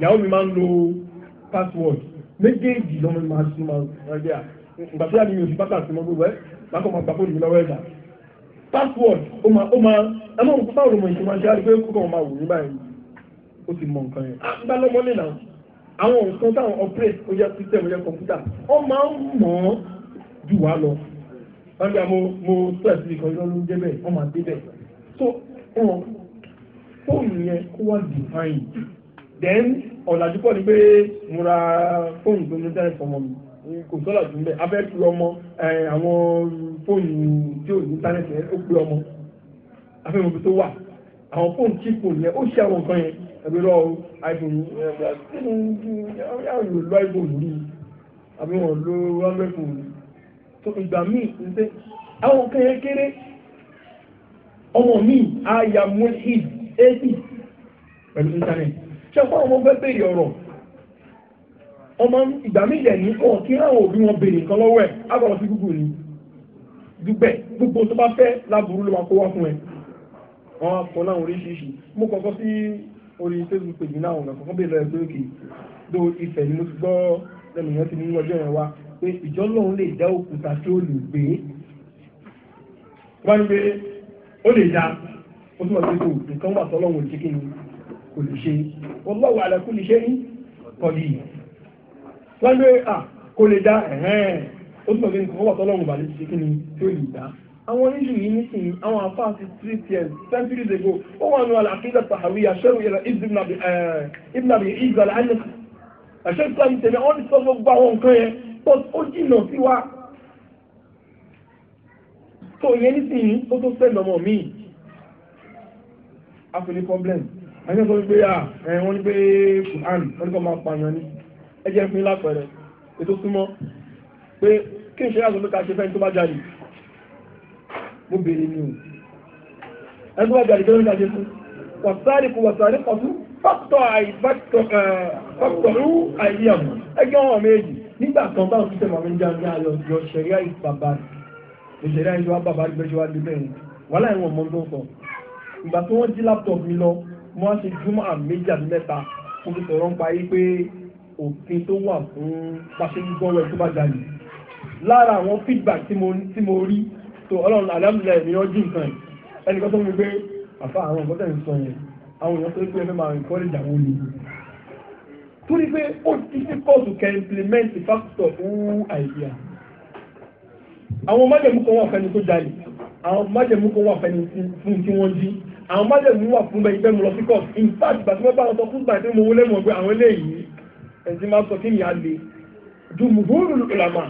ìyàwó mi máa ń lo password méjèèjì lọ́mọ mi máa ń súnmọ́ ẹgbẹ́ à ìgbà tó yà mí mi ò fi pátá súnmọ́ gbogbo ẹ̀ bákan máa gbà fóònù lọ́wọ́ ẹ̀dá password ó máa ó máa ẹ mọ̀ nǹkan báwo lọmọ ìṣẹ́ máa ṣe àdúgbò kókò wọn máa wù ní báyìí ó ti mọ nǹkan yẹn. àgbà lọ́mọ lè nà àwọn nǹkan táwọn operate ó yẹ system ó yẹ computer ó máa ń mọ̀ ọ́ jù wá lọ. wọ́n gbà mo mo stress mi kan lọ́nu débẹ̀ wọ́n máa débẹ̀ so fóònù yẹn kó wá define then ọ̀làjú pọ̀ ni pé mo ra fóònù tó ní tẹ́lẹ̀ fọmọ mi kò sọ́là jù mẹ́ abẹ́ pe ọmọ àwọn fóònù tí ò ní tẹ́lẹ̀ fẹ́ ó pe ọmọ afẹ́mọ̀ bí tó wà àwọn fóònù tí kò yẹ ó ṣe àwọn nǹkan yẹn ẹgbẹ́ lọ iPhone ẹgbẹ́ lọ iPhone rí àbí wọn lo android phone tó ìgbà míì ń tẹ́ àwọn nǹkan yẹn kéré ọmọ mi àyà mohid eighty pẹ̀lú internet ṣe fún àwọn ọmọ fẹ́ béèrè ọ̀rọ̀ ọmọ ìgbà mílẹ̀ ní ọ̀ kí àwọn òbí wọn béèrè kan lọ́wọ́ ẹ̀ agbọ̀rọ̀ sí gúgù ni dúpẹ́ gbogbo tó bá fẹ́ láburú ló máa kó wá fún ẹ wọn á kọ láwọn oríṣiríṣi mo kọ́kọ́ sí orí facebook page náà ọ̀nà kọ́kọ́ béèrè lọ́yẹ̀ pé òkè ló ìfẹ́ ni mo ti gbọ́ lẹ́nu yẹn ti ní ọjọ́ yẹn wá pé ìjọ́lọ́run lè dá òkúta tí ó lè gbé wọ́n ní pé ó lè dá ó túnmọ̀ pé kò nǹkan wà tọ́lọ́run ò kò lè ṣe wallahu ala kulli shay'in qadir wọ́n lé à kò lè dá ẹ̀hẹ́n ó túnbọ̀ bí nǹkan wọ́pọ̀ tọ́lọ́run bàlẹ́ ti kí ni tó lè dá àwọn oníṣù yìí nísìnyí àwọn afá ti three ten centuries ago ó wà nù al-aqida tahawiyya àṣẹrù yẹn eh, ibn abi iza al-alif àṣẹ islam tẹ̀lé wọ́n ti sọ gbogbo àwọn nǹkan yẹn but ó jìnà sí wa tó yẹn nísìnyí ó tó sẹ́ni ọmọ mi àfẹ́lẹ́ problem ẹjẹ́ sọ wípé à wọ́n ní pé Quran wọ́n ní kọ́ máa pààyàn ní ẹjẹ́ fún lápẹẹrẹ ètò súnmọ́ pé kí n ṣe láti lóka ṣe fẹ́ tó bá jáde mo bèèrè ni o ẹni tó bá jáde kí ló ń jáde fún wàsáàrì kò wàsáàrì kọ̀ fún fọ́tọ̀ àìfọ́tọ̀rú àìyíyàmù ẹgbẹ́ wọn méjì nígbà kan báwọn tó tẹ̀wọ̀n ń jáde àlọ́ yọ ṣẹ̀ríà ìbàbà ìṣẹ̀ríà ìṣẹ̀wà bàbá ìgbẹ́ṣẹ̀wà dé bẹ́ẹ̀ wàhálà ìwọ̀n mọ́ tó sọ ìgbà tó wọ́n jí láptọ̀pù mi lọ mo ṣe júmọ́ àméjì àbí mẹ́ta mo fi sọ̀rọ̀ ń parí pé òfin tó wà fún bá ṣe ń gbọ́rọ̀ ẹ̀ tó bá jalè lára àwọn feedback tí mo tí mo rí tó ọlọ́run àdámìlẹ̀ mi ọjọ́ nǹkan ẹ̀ ẹnìkan tó ń gbé àfa àwọn nǹkan tẹ̀ ń sọ yẹn àwọn èèyàn tó ń pè é fẹ́ máa rìn kọ́lé ìjàwó ni torí pé ó ti ṣe kóòtù kẹ́ implement the factor fún àìsíà àwọn ọmọdé mú kọ́ fẹ́ni tó jalè àwọn májèmú kan wà fún tí wọ́n jí àwọn májèmú wà fún bẹ́ẹ̀ mo lọ sí court in fact ìgbà tí wọ́n bá wọn sọ fún ìgbà tí mo wọlé mọ̀ pé àwọn eléyìí ẹ̀sìn máa sọ kí ni a lè ju mùhúrù ìlànà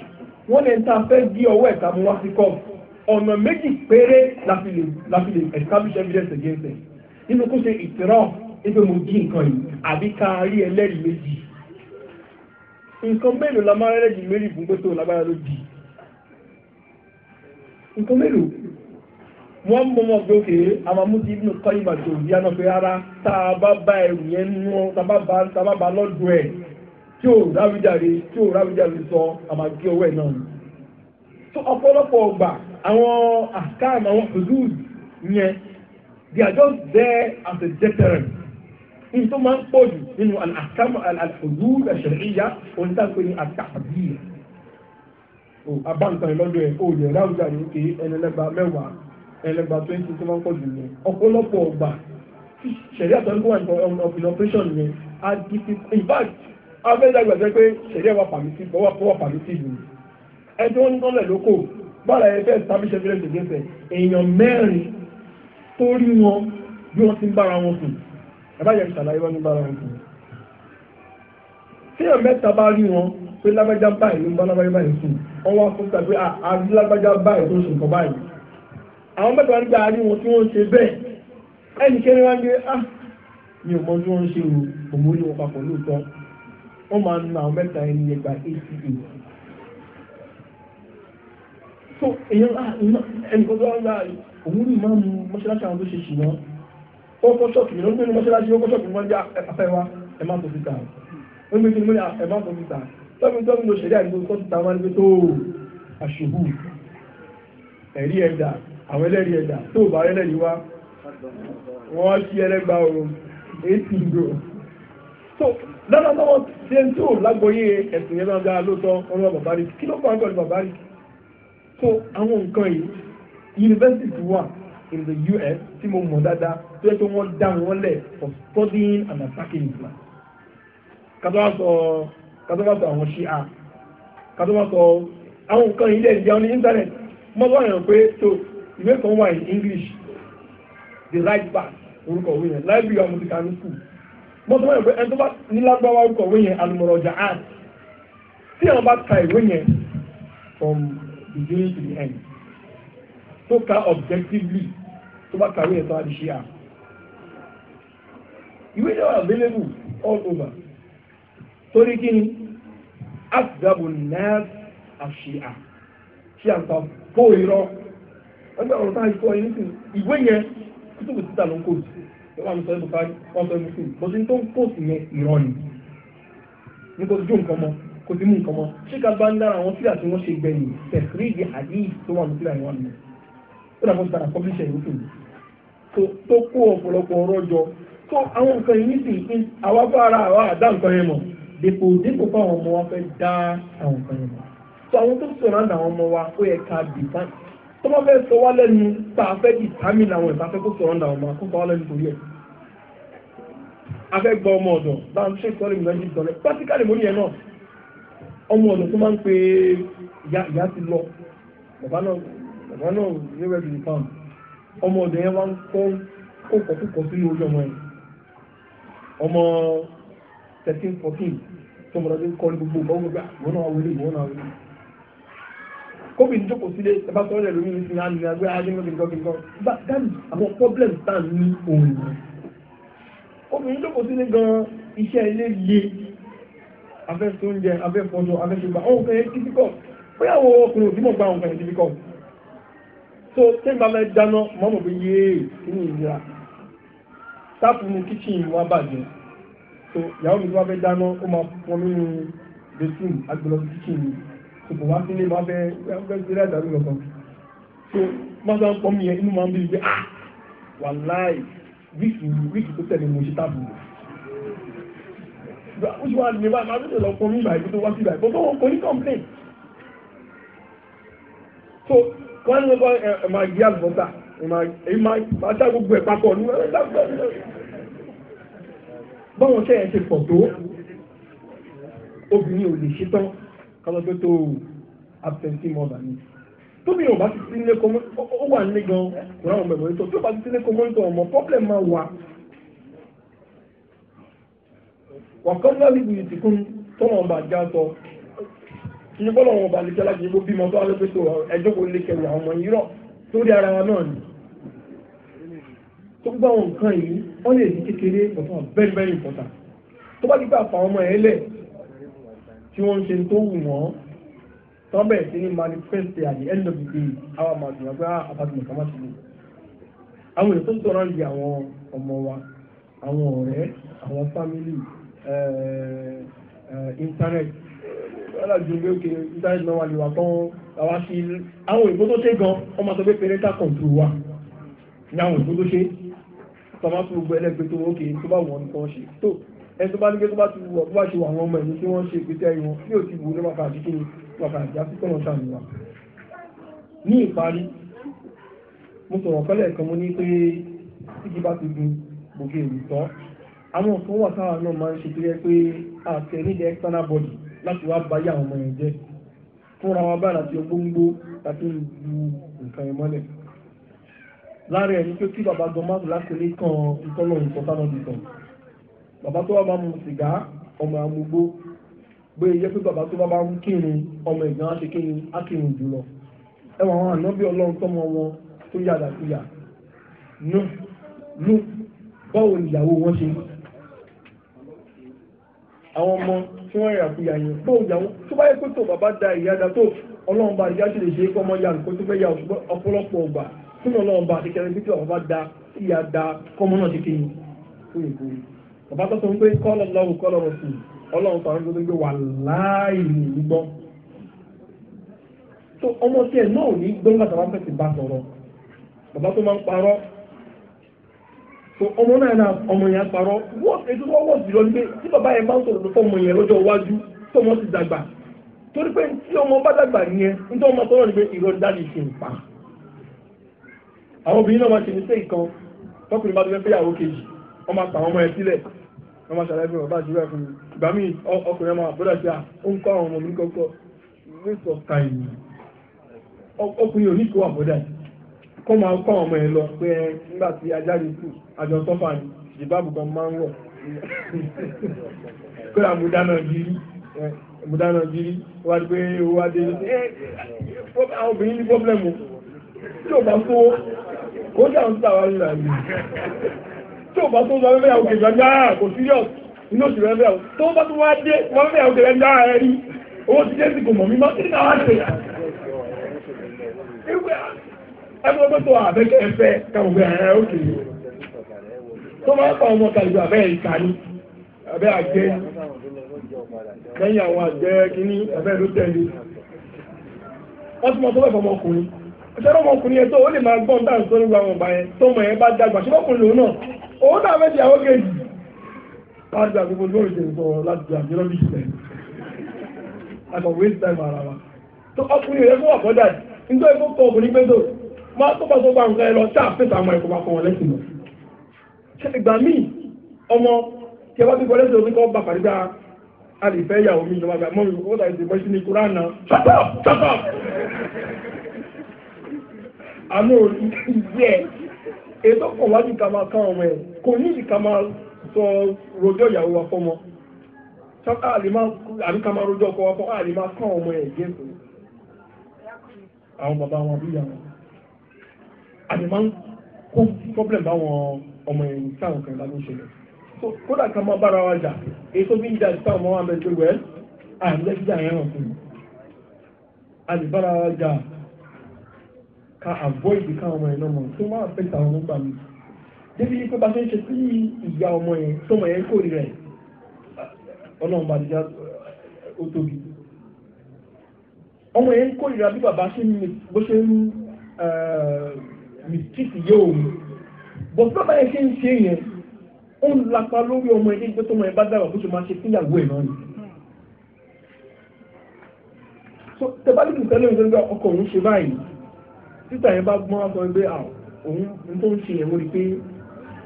wọ́n lè ta fẹ́ gé ọwọ́ ẹ̀ta mu wá sí court ọ̀nà méjì péré láti lè establish evidence against ẹ̀ nínú kó ṣe ìtìrọ̀ ibi mo jí nǹkan yìí àbí ká rí ẹlẹ́rìí méjì nǹkan mélòó la máa rẹ́rẹ́jì méjì fún pé tó lágbára ló jì nǹkan mélòó wọ́n mú wọn pé òkè amamuti ibùdó kọ́yì màtò òbí àná pé ara tá a bá bá ẹrù yẹn nú ọ tá a bá bá lọ́dún ẹ̀ tí ò ráwíjàre tí ò ráwíjàre sọ àmàgé owó ẹ̀ náà ni. tó ọ̀pọ̀lọpọ̀ ọgbà àwọn àkáàmù àwọn hudud yẹn they are just there as a deterrent. n tó máa ń pọ̀ jù nínú àkáàmù al-hudud al-shar'iyya oníṣàpè ní àtàkàbíyà. àbá nǹkan ìlọ́dún ẹ̀ ò lè ráwíjàre òkè ẹni lẹ́gbàá mẹ́wàá ẹlẹgba twenty tó máa ń pọ̀ jù ní ọ̀pọ̀lọpọ̀ ọgbà ṣẹ̀rí àtọ́nukú ọ̀pìn um, operation yẹn á di ti in fact abẹ́rẹ́ àgbà sẹ́ pé ṣẹ̀rí àwa pàmìtì ọwọ́ àpọ̀wọ́ pàmìtì ìlú ẹjọ́ wọn ní tọ́lẹ̀ lóko bára ẹ fẹ́ establish evidence against ẹ èèyàn mẹ́rin tó rí wọn bí wọ́n ti ń bára wọn sùn ẹ bá yẹ ṣàlàyé wọn ní bára wọn sùn téèyàn mẹ́ta bá rí wọn pé lágbájá báyìí ló ń bá lágbájá báyìí sùn wọ́n wá fún tàbí ah, àdúlágbájá báyìí tó ń sùn kọ́ báyìí àwọn mẹ́ta nígbà rí wọn tí wọ́n ṣe bẹ́ẹ̀ ẹnì kẹrin wá ń gbé ah mi ò mọ tí wọ́n ṣe o òun ó lé wọn papọ̀ lóòótọ́ wọ́n máa ń na àwọn mẹ́ta ẹni ẹgbà eighty eight so èèyàn ẹnì kan tó wá ń gbà òun ní máa ń mu mọ́ṣáláṣí àwọn tó ṣe ṣì náà ó kọ́ ṣọ́ọ̀kì ló ń gbé ní mọ́ṣáláṣí ó kọ́ ṣọ́ọ̀kì wọn já afẹ́ wa ẹ má bọ̀ síta ó ń gbé kí ni mo ní ẹ má bọ̀ síta tọ́mi tọ́mi ló ṣẹlẹ̀ àdúgbò kọ́ ti ta wọn ní pé tó àṣùbù ẹ̀rí ẹ̀dá àwọn ẹlẹ́rì ẹ̀dà tó bá ẹlẹ́rì wá wọ́n ṣí ẹlẹ́gbà ohun ètì ìgbò so lọ́nà tọ́wọ́ ṣe ń tó lágbóyé ẹ̀sìn yẹn náà lóòótọ́ ọlọ́wọ́ bàbá kí ló kọ́ bàbá rí so àwọn nǹkan yìí university ti wà in the US tí mo mọ̀ dáadáa tó yẹ kí wọ́n dá wọn lẹ̀ for studying and attacking Islam kátó wá sọ kátó wá sọ àwọn ṣíà kátó wá sọ àwọn nǹkan yìí lẹ́yìn jẹun ní internet mọ́tò àyàn pé so ìwé kan wà in English the right path orúkọ òwe yẹn library of musical school mo sọ wọ́n pé ẹni tó bá ní lágbáwá orúkọ òwe yẹn alùmọ̀rọ̀jà art tí àwọn bá ka ìwé yẹn from beginning to the end tó ka objectively tó bá kàwé ẹ̀tọ́ àdìsí à. Ìwé náà wà available all over. Torí kí ni? Asgabo Nas Àṣìà ṣe àǹfà fó irọ́ ọjọ́ ọ̀rọ̀ táà ìkọ́ ẹni sìn ìwé yẹn kútùkù títà ló ń kóòtù wọ́n sọ ẹ̀bùn kárí wọ́n sọ ẹ̀bùn sìn bó ti ń tó ń kóòtù yẹn ìrọ̀ ni ní kò jó nǹkan mọ́ kò sí mú nǹkan mọ́ ṣé ká bá ń dára àwọn tíra tí wọ́n ṣe gbẹ̀yìn tẹ̀síríìdì àdíyì tó wà ní tíra yẹn wà nù tó dà fún sara pọ́blíṣẹ̀ yìí fún tó kó ọ̀pọ̀lọpọ̀ ọ̀rọ̀ jọ tó àwọn nǹkan yìí sì àwa bá ara àwa àdá nǹkan yẹn mọ̀ dèpò dèpò fáwọn ọmọ wa fẹ́ dá àwọn nǹkan yẹn mọ̀ tó àwọn tó sọ̀rọ̀ àwọn ọmọ wa ó yẹ ká bì tó bá fẹ́ sọ wá lẹ́nu tá a fẹ́ ìtàmì làwọn ìta fẹ́ kó sọ̀rọ̀ ní àwọn ọmọ akópa wá lẹ́nu torí ẹ̀ afẹ́ gba ọmọ ọ̀dọ̀ bá ń ṣe sọ́rí mi lẹ́yìn sọ́rẹ́ pátíkàlì mo ní ẹ̀ náà ọmọ ọ̀dọ̀ tó máa ń pe ìyá ti lọ bàbá náà bàbá náà ní rẹ̀ bìí pàm ọmọ ọ̀dọ̀ yẹn wá ń kọ́ kókọ̀ kókọ̀ sínú ojú ọmọ yẹn ọmọ thirteen fourteen tó mọ̀ lọ́dún kọ́ ní gbogbo ọgbọ́n gbogbo àwọn ah, náà wọlé ìwọ́n náà wọlé kóbi ní jókòó sílé ẹ bá sọ̀rọ̀ lẹ́nu mi ní alùpùpù àgbẹ̀ ayélujára kìnìkan kìnìkan gba dáàbì àwọn problem tá à ń ní òun obìnrin jókòó sílé gan iṣẹ́ ilé le afẹ́ sóúnjẹ afẹ́ fọṣọ afẹ́ ṣùgbọ́n àwọn nǹkan yẹn difficult bóyá àwọn ọkùnrin òbí mọ̀ gba àwọn nǹkan yẹn difficult so tẹ́yìn bá fẹ́ dáná mọ́ mọ̀ pé yéé nínú ìlera sáàpù ní kíchìn wa bàjẹ́ so ìyàwó mi tí wọ́n fẹ́ dáná ó máa fọ́n nínú basin agbèlọ́sí kíchìn mi kò wá sílé máa fẹ́ fẹ́ sí rẹ̀ dàbí so máa sá ń pọ́n mi yẹn inú máa ń bíi pé ah wàláì wíìkì wíìkì tó tẹ̀lé mo ṣe táàbù rẹ̀ ó sì wá lè báyìí máa tètè lọ mi ìbàyí tó wá sí ìbàyí bọ́tọ́ wọn kò ní complain so wọ́n ní lọ́kọ́ ẹ̀ máa gbé àlùbọ́sà ẹ̀ máa ṣá gbogbo ẹ̀ papọ̀ ní ẹ̀ dágbà báwọn ṣe ẹ̀ ṣe pọ̀ tó obìnrin ò kọ́lọ́ pé tó o absentee more than mother ni tóbi ò bá ti sí ilé kọ́mọ́ ó wà nílé gan kò ráwọn ọmọ ìbòrítọ́ tó bá ti sí ilé kọ́mọ́ nítorí ọmọ problem máa wà. wàkọ́ náà níbi ìsìnkún tọ́nà ọba àjá sọ ní bọ́lá wọn ọba àlejò alájẹ ibo bímọ tó alẹ́ pé tó ẹjọ́ kò lè kẹwàá ọmọ yìí rọ̀ sórí ara wa náà ni. tó gbọ́ àwọn nǹkan yìí wọ́n lè di kékeré but wọ́n very very important tó bá ti gbà fà ọmọ ẹ̀ lẹ̀ tí wọ́n ń ṣe tó wù wọ́n tán bẹ̀rẹ̀ sí ní manifest at the end of the day Our àmàdùn àgbà àbájọ nǹkan má ṣe lè àwọn èèyàn tó ń tọ́ra di àwọn ọmọ wa àwọn ọ̀rẹ́ àwọn family eh, eh, internet alájùmọ̀ òkè internet náà wà lè wà tán àwa sí àwọn èèyàn tó ṣe gan wọ́n máa sọ pé parental control wà ní àwọn èèyàn tó ṣe tọ́mátù gbẹ́lẹ́gbẹ́ tó wọ́n kì í tó bá wọ́n nǹkan ṣe tó ẹni tó bá ní pé tó bá ti wù ọ́ tó bá ṣe wà àwọn ọmọ ẹ̀yìn tí wọ́n ṣe ìgbésẹ̀ ẹ̀yìn wọn yóò ti wù ní wàkà àti kíni wàkà àti àfikún ọ̀sà mi wà. ní ìparí mo sọ̀rọ̀ pẹ́lẹ̀ kan mo ní pé tíjì bá ti dùn gbòógì èrò tán àwọn kan wà táwọn náà máa ń ṣe tó yẹ pé àtẹ nílẹ̀ external body láti wá báyé àwọn ọmọ yẹn jẹ́ fúnra wa báyìí láti gbóngbó láti lu nǹkan yẹn mọ́lẹ̀ láàárín ẹni pé kí bàbá gan máàlù láti lé kan ìtọ́lọ́run kan sáná bàbá tó bá máa mu sìgá ọmọ àmugbó gbé iye pé bàbá tó bá máa ń kírun ọmọ ìgbà á ṣe kírun á kírun jùlọ ẹwà àwọn ànábì ọlọ́run tọ́mọ wọn tó yàdà tó yà nù nù báwo ìyàwó wọn ṣe àwọn ọmọ tí wọ́n rà fúyà yẹn báwo ìyàwó tó bá yẹ pé tó bàbá da ìyá da tó ọlọ́run bá ìyá sì lè ṣe é kọ́ ọmọ yà nǹkan tó fẹ́ yà ọ̀pọ̀lọpọ̀ ọgbà fún ọlọ́run bá àti kẹrin bí tí bàbá da ìyá da kọ́mọ náà ṣe kéyìn fún ìkórè. bàbá tó sọ wípé kọ́lọ̀ lọ́wọ́ kọ́lọ̀ wọ̀ sí ọlọ́run tó àwọn tó ń gbé wà láàyè ní gbọ́ tó ọmọ tí ẹ náà ní gbọ́ nígbà tàbá fẹ̀sì bá sọ̀rọ̀ bàbá tó máa ń parọ́ tó ọmọ náà náà ọmọ yẹn parọ́ wọ́n wọ́n lọ tí bàbá yẹn bá ń sọ̀rọ̀ ọmọ yẹn wọ́n máa ṣàlàyé fún bàbá àdúrà fún mi ìgbà míì ọkùnrin ọmọ àbúrò àti ó ń kọ́ àwọn ọmọ mi kọ́kọ́ waste of time ọkùnrin ò ní kó àbúrò kọ́ máa kọ́ ọmọ ẹ lọ pé nígbà tí ajá lè kú àjọ sọ́fà ni ìbáàbù kan máa ń wọ̀ kódà mo dáná gírí mo dáná gírí wá pé owó adé ẹ àwọn obìnrin ní pọ́blẹ́mù tí ò bá kó kó dáhùn sí àwọn àlùfáà yìí tí ò bá tó sọ fẹ́fẹ́ àwọn òkèèrè ọjọ́ àà kò serious inú òsì fẹ́fẹ́ àwọn tó bá tó wá dé wọ́n fẹ́ àwọn òkèèrè ọjọ́ àà rí owó ti dé sí kò mọ̀ mímọ́ nínú àwọn àṣẹ ẹgbẹ́ ọgbẹ́ tó àbẹ́kẹ́ ẹfẹ́ kàwùgbẹ́ ààrẹ òkèèrè tó máa ń pa ọmọ kàlùgbẹ́ àbẹ́ ìkà ní àbẹ́ àgbẹ́ lẹ́yìn àwọn àgbẹ́ kìíní àbẹ́ ló tẹ̀lé wọ́n ti mọ tó bẹ́ẹ̀ fọmọkùnrin ìṣẹ́rọ́mọkùnrin yẹn tó ó lè máa gbọ́n dáhùn tó nígbà wọn bá tó mọ̀ yẹn bá dàgbà ṣé mọ́kùnrin lòun náà òun náà fẹ́ ṣìyàwó kejì láti gbà gbogbo lórí ṣe sọ láti gbà gbé lọ́bí ṣẹlẹ̀ àgbà waste time ara wa tó ọkùnrin rẹ̀ fún àkọ́dà nígbà tó kọ ọkùnrin pé tó máa tó bá tó bá nǹkan ẹ lọ tá àfẹ́ tàwọn ẹ̀kọ́ bá kọ́ wọn lẹ́sìn lọ. ìgbà míì ọmọ tí a bá fi kọ́lẹ́sìn omi kọ́ bá pàdé a lè fẹ́ ìyàwó mi ìjọba mọ́ mi ó tàbí ti bọ́sí ní kúrán náà ṣọ́tọ̀ ṣọ́tọ̀ àmọ́ òní ìgbẹ́ ètò kan wájú ká máa kán ọmọ ẹ̀ kò ní ìdíkà máa sọ rojọ́ ìyàwó wa fọ́mọ àbí ká máa rojọ́ ọkọ wa fọ́ àlè máa kán ọmọ ẹ̀ jẹ́ àwọn bàbá wọn bí yàwọn àlè máa kó problem báwọn ọmọ ẹ̀ táwọn kan bá ló ṣẹlẹ̀ kódà ká máa bára wa jà èso bí ń jà táwọn ọmọ wa bẹ̀ tó wẹ̀ àìlẹ́síjà yẹn hàn fún mi àlè bára wa jà ka avoid káwọn ọmọ yẹn lọ́mọ tó máa affect àwọn ọmọ gbà mí débi pé bá ṣe ń ṣe sí ìyá ọmọ yẹn tó mọ̀ yẹn kò rí rẹ̀ ọlọ́run bá dìjà ó tóbi ọmọ yẹn kò rí rẹ̀ bí bàbá ṣe ń bó ṣe ń mistreat yẹ òun bọ̀ bí bàbá yẹn ṣe ń ṣe yẹn ó ń lapa lórí ọmọ yẹn débi tọmọ yẹn bá dàgbà bó ṣe máa ṣe síyàwó ẹ̀ náà ni tẹ́bálí kìí tẹ́lẹ̀ ìjọba ọkọ̀ òun ṣe báyìí títà yẹn bá gbọ́n àgbọ̀n pé ah, òun tó ń ṣe yẹn wọ́n rí pé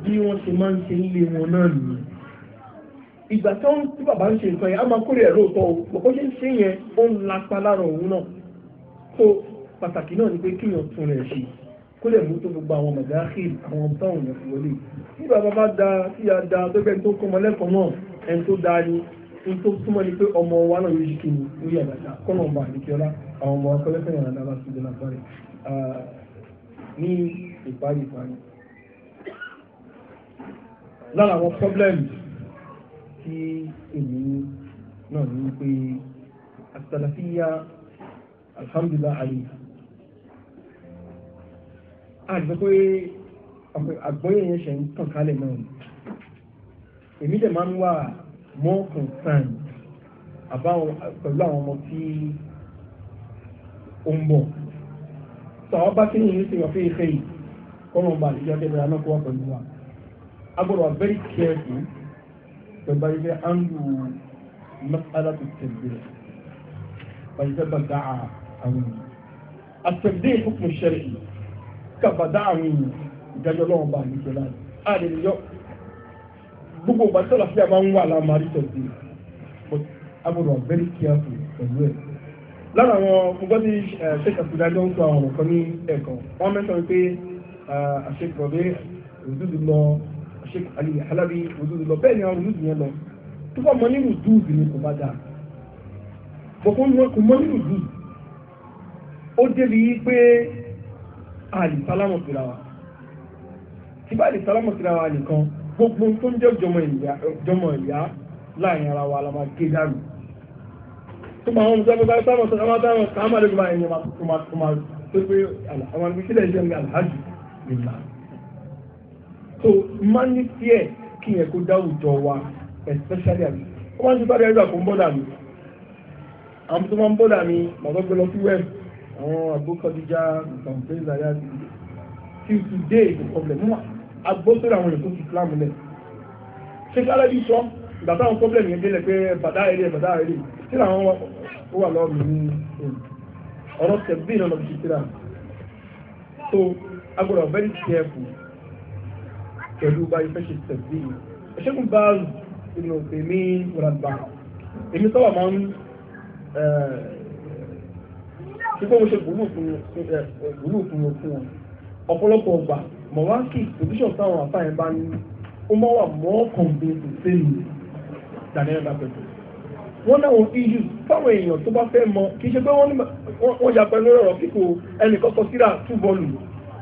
bí wọ́n ṣe máa ń ṣe ilé wọn náà nìyẹn ìgbà tí wọ́n tí bàbá ń ṣe nǹkan yẹn á máa kórè ẹ̀ lóòótọ́ o bó ṣe ń ṣe yẹn ó ń lapa lára òun náà tó pàtàkì náà ni pé kíyàn tún rẹ̀ ṣe kó lè mú tó gbogbo àwọn màgáhìl àwọn báwọn yẹn fún wọlé bí bàbá bá da sí ada tó bẹ́ẹ̀ tó kọ́mọ lẹ́kọ̀ọ́ náà ẹni tó da ni ní tó túmọ̀ ni pé ọmọ wa náà yóò ṣe kí ni lórí àgbàdà kọ́nà ọmọ àdìkíọ́lá àwọn ọmọ akọ́lẹ́fẹ́ yàrá dábàá sí ìdílé àgbáre ní ìparí ìparí lára àwọn pọ́blẹ́mù tí èmi náà ní pé àtàlàfíà alhamdulillah ali àti pé àgbọ́yé yẹn ṣe ń tàn kálẹ̀ náà èmi dẹ̀ máa ń wà more concerned about pẹ̀lú àwọn ọmọ tí ó ń bọ̀ sọ̀rọ̀ bá kí ní ìrísí ọ̀fẹ́ ìfẹ́ yìí kọ́nà ọba àdìjọ́ kẹfẹ́ anákọ́ wà pẹ̀lú wa agbọ́dọ̀ wà very careful pẹ̀lú ìfẹ́ andrew masala tó tẹ̀lé pẹ̀lú ìfẹ́ bá dáa àwọn ènìyàn àtẹ̀lé ìfúkùn ṣẹlẹ̀ yìí ká bá dáa àwọn ènìyàn ìdájọ́ lọ́wọ́ bá àdìjọ́ láàyè àdìjọ́ gbogbo bàtọ́lá fi àbá ń wà láàmú àdìjọ́ dé but agbọ́dọ̀ wà very careful pẹ̀lú ẹ̀ lára àwọn gbogbo tí eh, sheik abdulhadi ń sọ àwọn ọ̀rọ̀ kan ní ẹ̀kọ́ wọ́n mẹ́ta wípé sheik rọ̀dé rùdúdù lọ sheik ali halabi rùdúdù lọ bẹ́ẹ̀ ni àwọn rùdúdù yẹn lọ tó bá mọ ní rùdúdù ni kò bá dáa bọ̀kọ́ ni wọn kò mọ ní rùdúdù ó débi pé àlì sálámù síra wa tí bá àlì sálámù síra wa nìkan gbogbo tó ń jẹ́ jọmọ ìyá láàrin ara wa la máa gé dànù tó máa ń sọ́kọ́ báyìí sáwọn sọ́kọ́ máa táwọn sàmà lè gba ẹ̀yìn máa tó máa tó máa tó pé àwọn ibi kílẹ̀ iṣẹ́ mi alhaji nìlá. so máa ní fear kí yẹn kó dáwùjọ wa especially àbí ó máa ń sọ́kọ́ àdéhùn àkó ń bọ́dà mi àwọn tó máa ń bọ́dà mi màtọ́ gbé lọ sí wẹ́ẹ̀ àwọn àgbókọ́díjà ìgbàmùfẹ́ ìzàyà till today is the problem agbóṣèrè àwọn èèyàn tó fi Islam lẹ̀ ṣé kí alábi sọ ìgbà táwọn problem yẹn délẹ̀ pé bàdá ẹ̀rí ẹ̀ bàdá ẹ̀rí ẹ̀ kí làwọn wà lọ́wọ́ mi ní ọ̀rọ̀ tẹ̀bí náà lọ́wọ́ títírà so agbọ́dọ̀ very careful pẹ̀lú bá ifẹ́ ṣe tẹ̀bí ẹ̀ṣẹ́gun bá inú èmi ràgbà èmi sábà máa ń ṣùgbọ́n mo ṣe gbùlù fún mi fún wọn ọ̀pọ̀lọpọ̀ ọgbà mọ̀wákì position táwọn àfáàyàn bá ní ó mọ́ wà more convincing sẹ́yìn than any other person wọ́n láwọn issues táwọn èèyàn tó bá fẹ́ mọ kì í ṣe pé wọ́n yapa lórí ọ̀rọ̀ kíkò ẹnìkan kọ síra tú bọ́ọ̀lù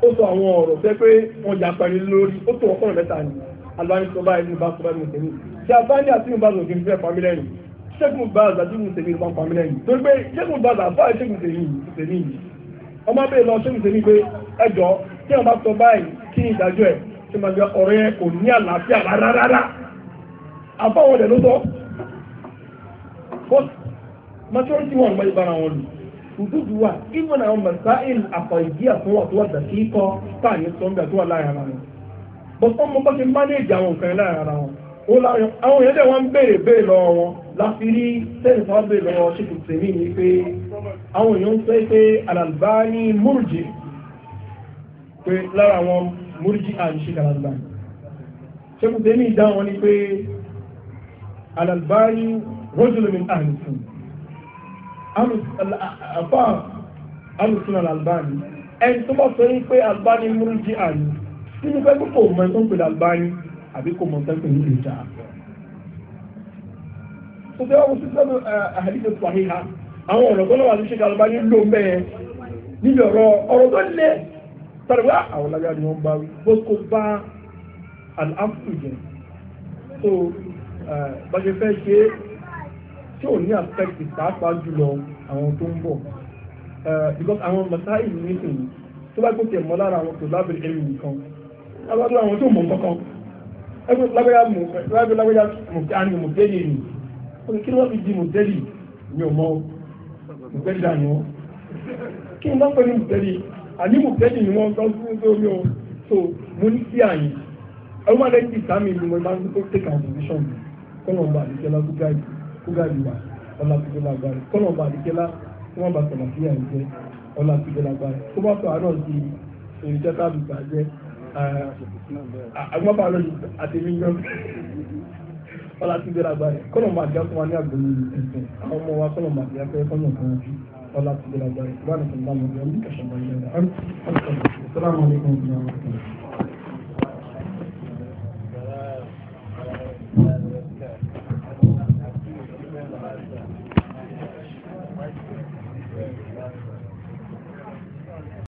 ó sọ àwọn ọ̀rọ̀ fẹ́ pé wọ́n yapa lórí ó tó ọkọ̀ mẹ́ta ni Albani sọ báyìí ní bá sọ báyìí ní tèmi ṣe Albani àti ìbá sọ kìí fẹ́ pamílẹ̀ yìí ṣẹ́gun bá àzà tí mo tèmi bá pamílẹ̀ yìí torí pé ṣẹ́gun bá àzà fáà ṣẹ́gun tèmi tèmi yìí ọmọ bẹ́ẹ̀ lọ ṣẹ́gun tèmi pé ẹjọ́ tí wọ́n bá sọ báyìí kí ni ìdájọ́ ẹ̀ ṣe máa gbé ọ̀rẹ́ kò but majority wọn mọ ibara wọn lò òdúdú wa even àwọn masáìl àfàìdí àtúnwà tó wà dàkí kọ táàyè sọmbẹ tó wà láàyè ara wọn but wọn mọ bọ́sẹ̀ manage àwọn nǹkan láàyè ara wọn àwọn èèyàn dẹ̀ wọ́n ń béèrè béèrè lọ́wọ́ wọn láti rí sẹ́yìn tó wá béèrè lọ́wọ́ ṣètò tèmi ni pé àwọn èèyàn ń sọ pé Al-Albani múrùjì pé lára wọn múrùjì àìṣe al ṣètò tèmi dáhùn wọn ni pé Al-Albani rọ́jòló mi àrùn fún àfà alùsùnà Albani ẹni tó bá sọ yín pé Albani múrùjí àrùn nínú fẹ́ kókò mọ ẹni tó ń pè Albani àbí kò mọ sẹ́kùn ní ìjà. tó fẹ́ wọ́n sí sọ́dọ̀ àhàdìsẹ́ sàhíhà àwọn ọ̀rọ̀ tó lọ́wọ́ àti ṣe Albani ló mẹ́ẹ̀ níbi ọ̀rọ̀ ọ̀rọ̀ tó lé tọ́lẹ̀wé àwọn lágbára ni wọ́n bá wí bó kó bá àlàáfù jẹ tó bá fẹ́ ṣe é tí ò ní affect pàápàá jùlọ àwọn tó ń bọ̀ eh, because àwọn mọ̀sáì nísìnyí tó bá gbókè mọ́ lára àwọn tó lábẹ́ ẹ̀mí nìkan lábẹ́ àwọn tó mọ̀ kankan ẹgbẹ́ lábẹ́yà mọ̀kí àni mọ̀tẹ́lì ni ó ní kí ló fi di mọ̀tẹ́lì mi ò mọ mọ̀tẹ́lì dànù ọ́ kí n bá pẹ́ ní mọ̀tẹ́lì àní mọ̀tẹ́lì ni wọ́n tọ́ fún tó mi ò so mo ní sí àyìn ẹgbẹ́ máa lẹ́yìn ìsámi ni mo máa ń tó take our position kọ́nà ọba àdìsẹ́lá tó gáàdì fúgàlùwà ọlá àtijọ́ lágbára kọ́nà ọba àdìkẹ́lá tí wọ́n bá sọ̀rọ̀ sí àìjẹ́ ọlá àtijọ́ lágbára tó bá tọ̀ àárọ̀ sí èrìjẹ́ tábì bàjẹ́ àgbàbà lọ sí àtẹ̀míyàn ọlá àtijọ́ lágbára kọ́nà ọba àdìkẹ́ fún wa ní àgbọ̀nyé ẹ̀sìn àwọn ọmọ wa kọ́nà ọba àdìkẹ́ fẹ́ kọ́nà kan ọlá àtijọ́ lágbára ìgbàlẹ̀ fún bámu ọ̀gbẹ́ ní kẹsàn-án báyìí ọ̀rọ̀ ọ̀rọ̀